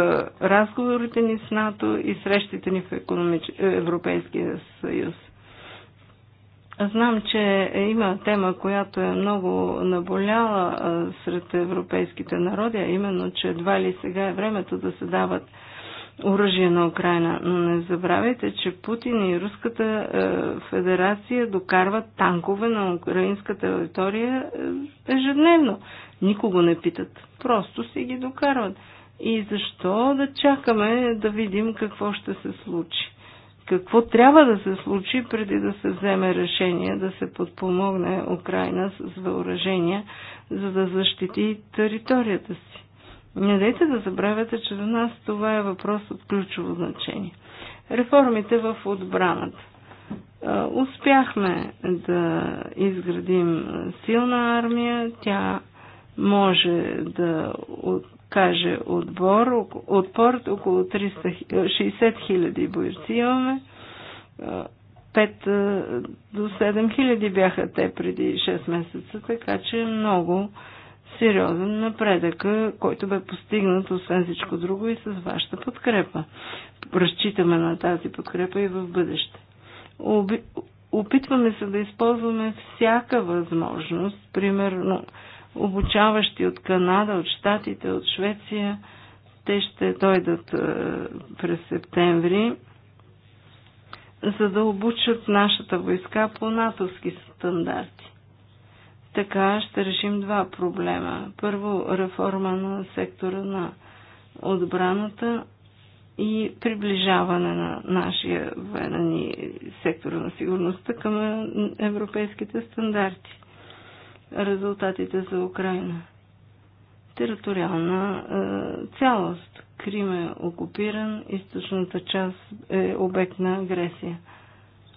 S5: разговорите ни с НАТО и срещите ни в е, Европейския съюз. Знам, че има тема, която е много наболяла сред европейските народи, а именно, че едва ли сега е времето да се дават оръжие на Украина. Но не забравяйте, че Путин и Руската е, федерация докарват танкове на украинската територия е, ежедневно. Никого не питат. Просто си ги докарват. И защо да чакаме да видим какво ще се случи? какво трябва да се случи преди да се вземе решение да се подпомогне Украина с въоръжения, за да защити територията си. Не дайте да забравяте, че за нас това е въпрос от ключово значение. Реформите в отбраната. Успяхме да изградим силна армия, тя може да каже отбор, отпор около 360 000 е, бойци имаме. 5 е, е, до 7 хиляди бяха те преди 6 месеца, така че е много сериозен напредък, който бе постигнат освен всичко друго и с вашата подкрепа. Разчитаме на тази подкрепа и в бъдеще. Опитваме се да използваме всяка възможност, примерно обучаващи от Канада, от Штатите, от Швеция. Те ще дойдат е, през септември, за да обучат нашата войска по натовски стандарти. Така ще решим два проблема. Първо, реформа на сектора на отбраната и приближаване на нашия военен сектор на сигурността към европейските стандарти резултатите за Украина. Териториална е, цялост. Крим е окупиран, източната част е обект на агресия.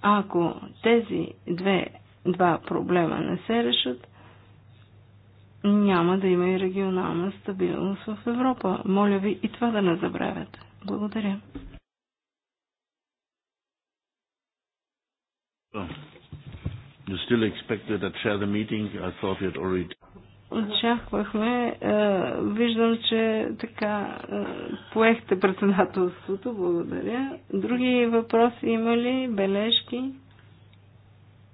S5: Ако тези две, два проблема не се решат, няма да има и регионална стабилност в Европа. Моля ви и това да не забравяте.
S2: Благодаря.
S1: You still expected that share the meeting? I thought you had already...
S5: Очаквахме. Е, виждам, че така е, поехте председателството. Благодаря. Други въпроси има ли? Бележки?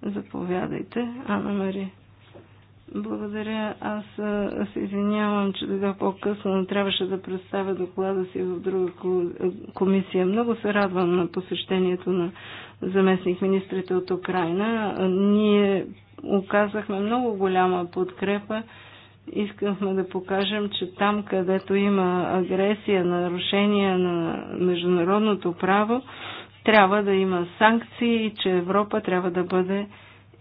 S5: Заповядайте, Анна Мария. Благодаря. Аз се извинявам, че дойда по-късно, но трябваше да представя доклада си в друга комисия. Много се радвам на посещението на заместник министрите от Украина. Ние оказахме много голяма подкрепа. Искахме да покажем, че там, където има агресия, нарушения на международното право, трябва да има санкции и че Европа трябва да бъде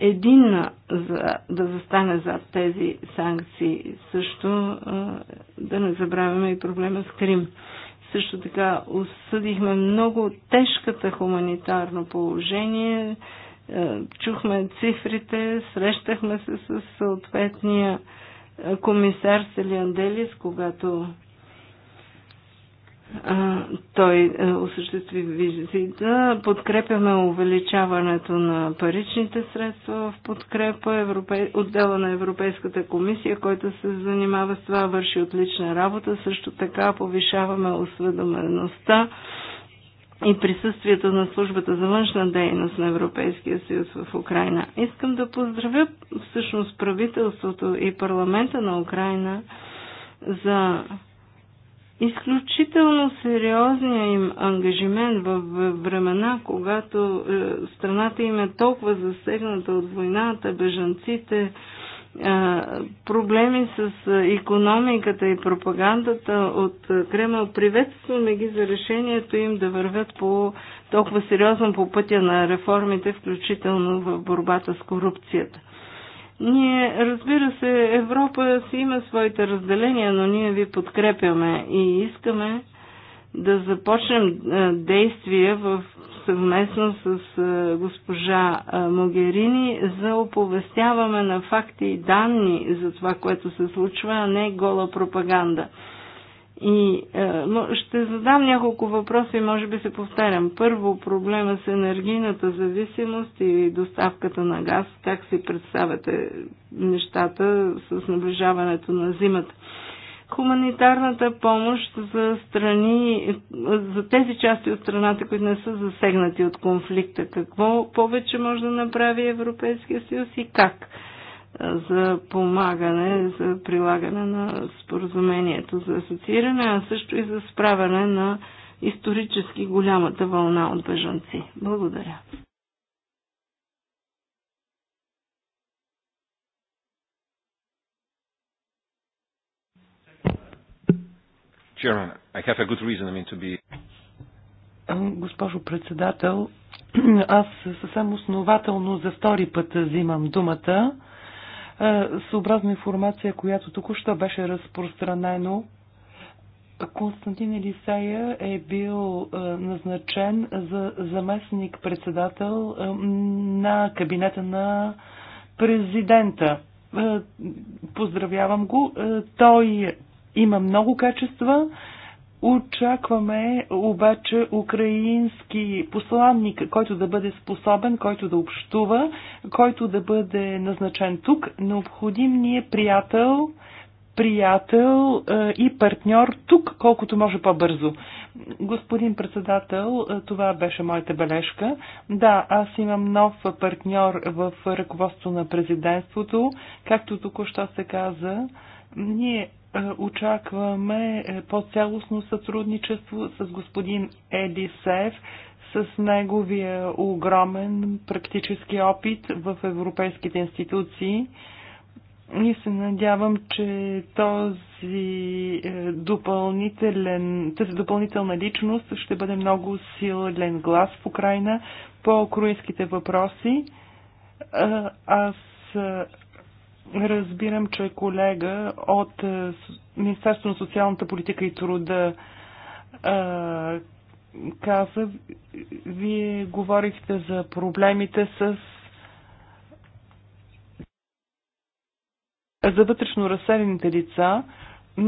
S5: единна за, да застане зад тези санкции. Също да не забравяме и проблема с Крим. Също така осъдихме много тежката хуманитарно положение. Чухме цифрите, срещахме се с съответния комисар Селианделис, когато той е, осъществи визита. Подкрепяме увеличаването на паричните средства в подкрепа. Европе... Отдела на Европейската комисия, който се занимава с това, върши отлична работа. Също така повишаваме осведомеността и присъствието на службата за външна дейност на Европейския съюз в Украина. Искам да поздравя всъщност правителството и парламента на Украина за изключително сериозния им ангажимент в времена, когато е, страната им е толкова засегната от войната, бежанците, е, проблеми с економиката и пропагандата от е, Кремъл. Приветстваме ги за решението им да вървят по толкова сериозно по пътя на реформите, включително в борбата с корупцията. Ние, разбира се, Европа си има своите разделения, но ние ви подкрепяме и искаме да започнем е, действия в съвместно с е, госпожа е, Могерини за оповестяване на факти и данни за това, което се случва, а не гола пропаганда. И, е, но ще задам няколко въпроса и може би се повтарям. Първо, проблема с енергийната зависимост и доставката на газ. Как си представяте нещата с наближаването на зимата? Хуманитарната помощ за страни, за тези части от страната, които не са засегнати от конфликта. Какво повече може да направи Европейския съюз и как? за помагане, за прилагане на споразумението за асоцииране, а също и за справяне на исторически голямата вълна от бежанци. Благодаря.
S4: I have a good reason, I mean, to be...
S6: Госпожо председател, аз съвсем основателно за втори път взимам думата. Е, съобразно информация, която току-що беше разпространено, Константин Елисая е бил е, назначен за заместник-председател е, на кабинета на президента. Поздравявам го. Той има много качества Очакваме обаче украински посланник, който да бъде способен, който да общува, който да бъде назначен тук. Необходим ни е приятел, приятел е, и партньор тук, колкото може по-бързо. Господин председател, е, това беше моята бележка. Да, аз имам нов партньор в ръководство на президентството, както току-що се каза. Ние е, очакваме е, по-цялостно сътрудничество с господин Еди Сев, с неговия огромен практически опит в европейските институции. И се надявам, че този е, допълнителен, тази допълнителна личност ще бъде много силен глас в Украина по украинските въпроси. Аз Разбирам, че колега от е, Министерство на социалната политика и труда е, каза, вие говорихте за проблемите с за вътрешно разселените лица. Е,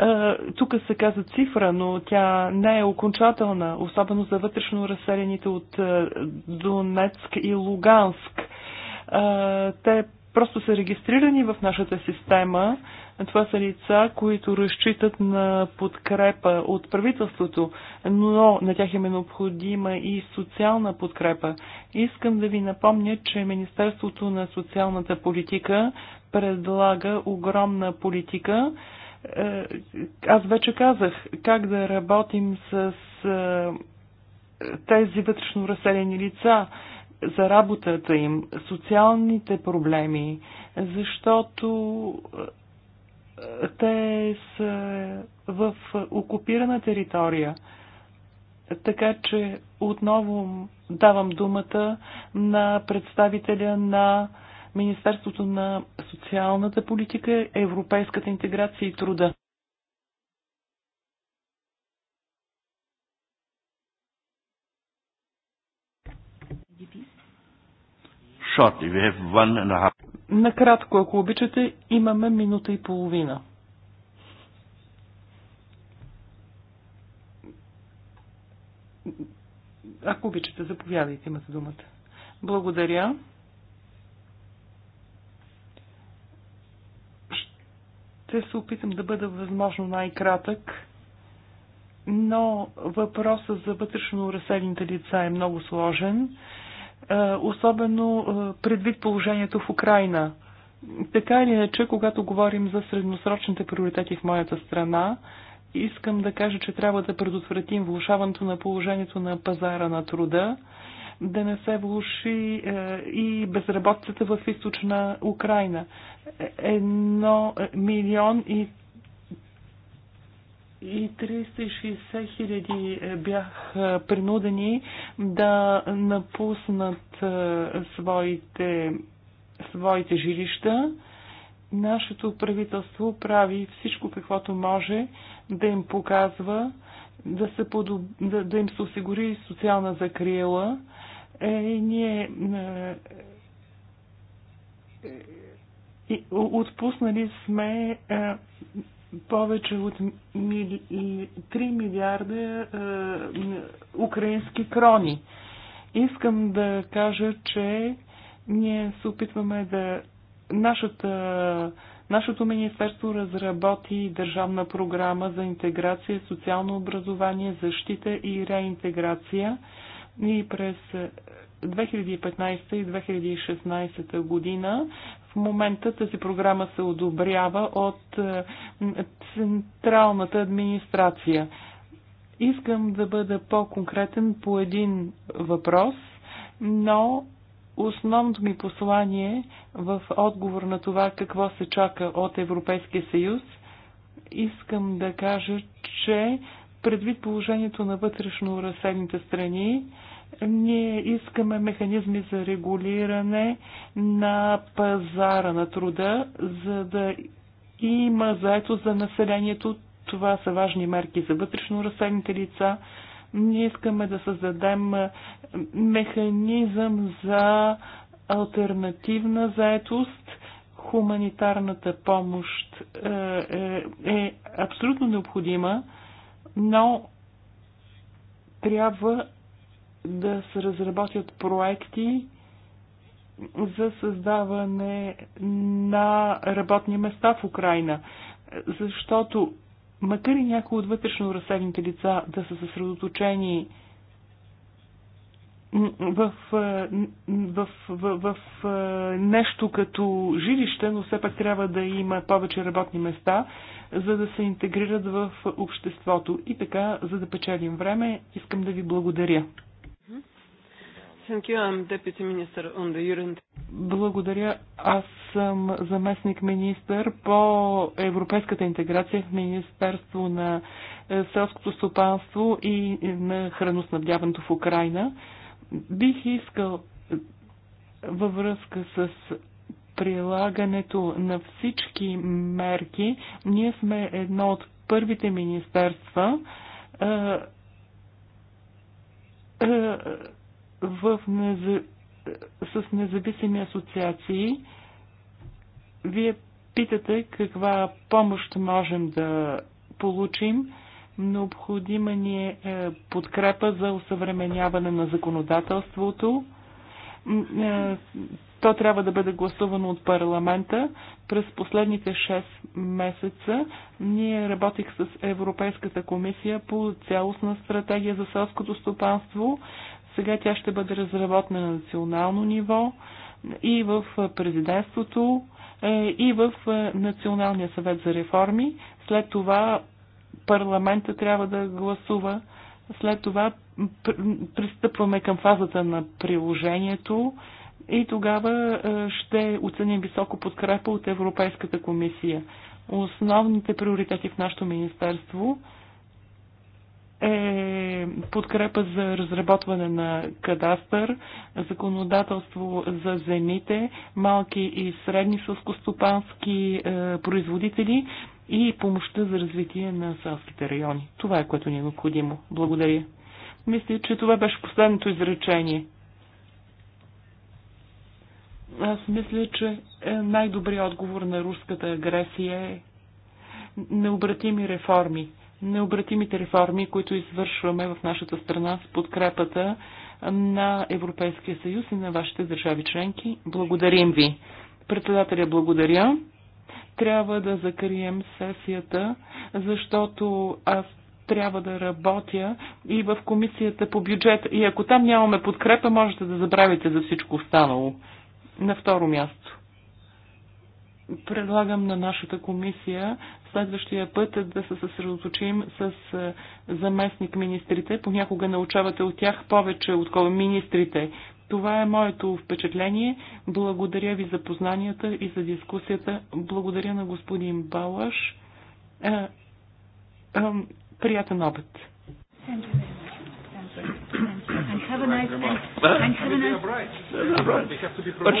S6: Е, тук се каза цифра, но тя не е окончателна, особено за вътрешно разселените от е, Донецк и Луганск. Е, те просто са регистрирани в нашата система. Това са лица, които разчитат на подкрепа от правителството, но на тях им е необходима и социална подкрепа. Искам да ви напомня, че Министерството на социалната политика предлага огромна политика, аз вече казах как да работим с тези вътрешно разселени лица, за работата им, социалните проблеми, защото те са в окупирана територия. Така че отново давам думата на представителя на Министерството на социалната политика, европейската интеграция и труда. Накратко, ако обичате, имаме минута и половина. Ако обичате, заповядайте, имате думата. Благодаря. Ще се опитам да бъда възможно най-кратък, но въпросът за вътрешно разселените лица е много сложен, е, особено е, предвид положението в Украина. Така или иначе, когато говорим за средносрочните приоритети в моята страна, искам да кажа, че трябва да предотвратим влушаването на положението на пазара на труда да не се влуши е, и безработицата в източна Украина. Едно е, милион и и 360 хиляди е, бях принудени да напуснат своите, своите жилища. Нашето правителство прави всичко каквото може да им показва, да, се подоб... да, да им се осигури социална закрила, е, ние е, е, отпуснали сме е, повече от 3 милиарда е, украински крони. Искам да кажа, че ние се опитваме да нашата Нашето министерство разработи държавна програма за интеграция, социално образование, защита и реинтеграция. И през 2015 и 2016 година. В момента тази програма се одобрява от е, Централната администрация. Искам да бъда по-конкретен по един въпрос, но основното ми послание в отговор на това какво се чака от Европейския съюз, искам да кажа, че предвид положението на вътрешно разседните страни, ние искаме механизми за регулиране на пазара на труда, за да има заето за населението. Това са важни мерки за вътрешно разселените лица. Ние искаме да създадем механизъм за альтернативна заетост. Хуманитарната помощ е, е, е абсолютно необходима, но трябва да се разработят проекти за създаване на работни места в Украина. Защото, макар и някои от вътрешно разседните лица да са съсредоточени в, в, в, в, в нещо като жилище, но все пак трябва да има повече работни места, за да се интегрират в обществото. И така, за да печелим време, искам да ви благодаря. Благодаря. Аз съм заместник министър по европейската интеграция в Министерство на е, селското стопанство и на храноснабдяването в Украина. Бих искал е, във връзка с прилагането на всички мерки. Ние сме едно от първите министерства, е, в неза... с независими асоциации. Вие питате каква помощ можем да получим. Необходима ни е, е подкрепа за усъвременяване на законодателството. Е, то трябва да бъде гласувано от парламента. През последните 6 месеца ние работих с Европейската комисия по цялостна стратегия за селското стопанство. Сега тя ще бъде разработена на национално ниво и в президентството, е, и в е, Националния съвет за реформи. След това парламента трябва да гласува. След това пристъпваме към фазата на приложението и тогава е, ще оценим високо подкрепа от Европейската комисия. Основните приоритети в нашето министерство е подкрепа за разработване на кадастър, законодателство за земите, малки и средни сълскостопански е, производители и помощта за развитие на селските райони. Това е което ни е необходимо. Благодаря. Мисля, че това беше последното изречение. Аз мисля, че е най-добрият отговор на руската агресия е необратими реформи необратимите реформи, които извършваме в нашата страна с подкрепата на Европейския съюз и на вашите държави членки. Благодарим ви. Председателя, благодаря. Трябва да закрием сесията, защото аз трябва да работя и в комисията по бюджет. И ако там нямаме подкрепа, можете да забравите за всичко останало. На второ място предлагам на нашата комисия следващия път да се съсредоточим с е, заместник министрите. Понякога научавате от тях повече, отколкото министрите. Това е моето впечатление. Благодаря ви за познанията и за дискусията. Благодаря на господин Балаш. Е, е, приятен обед.
S4: But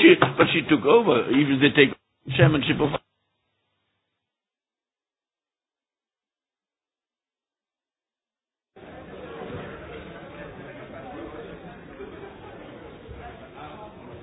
S1: she, but she took over. Even they take chairmanship of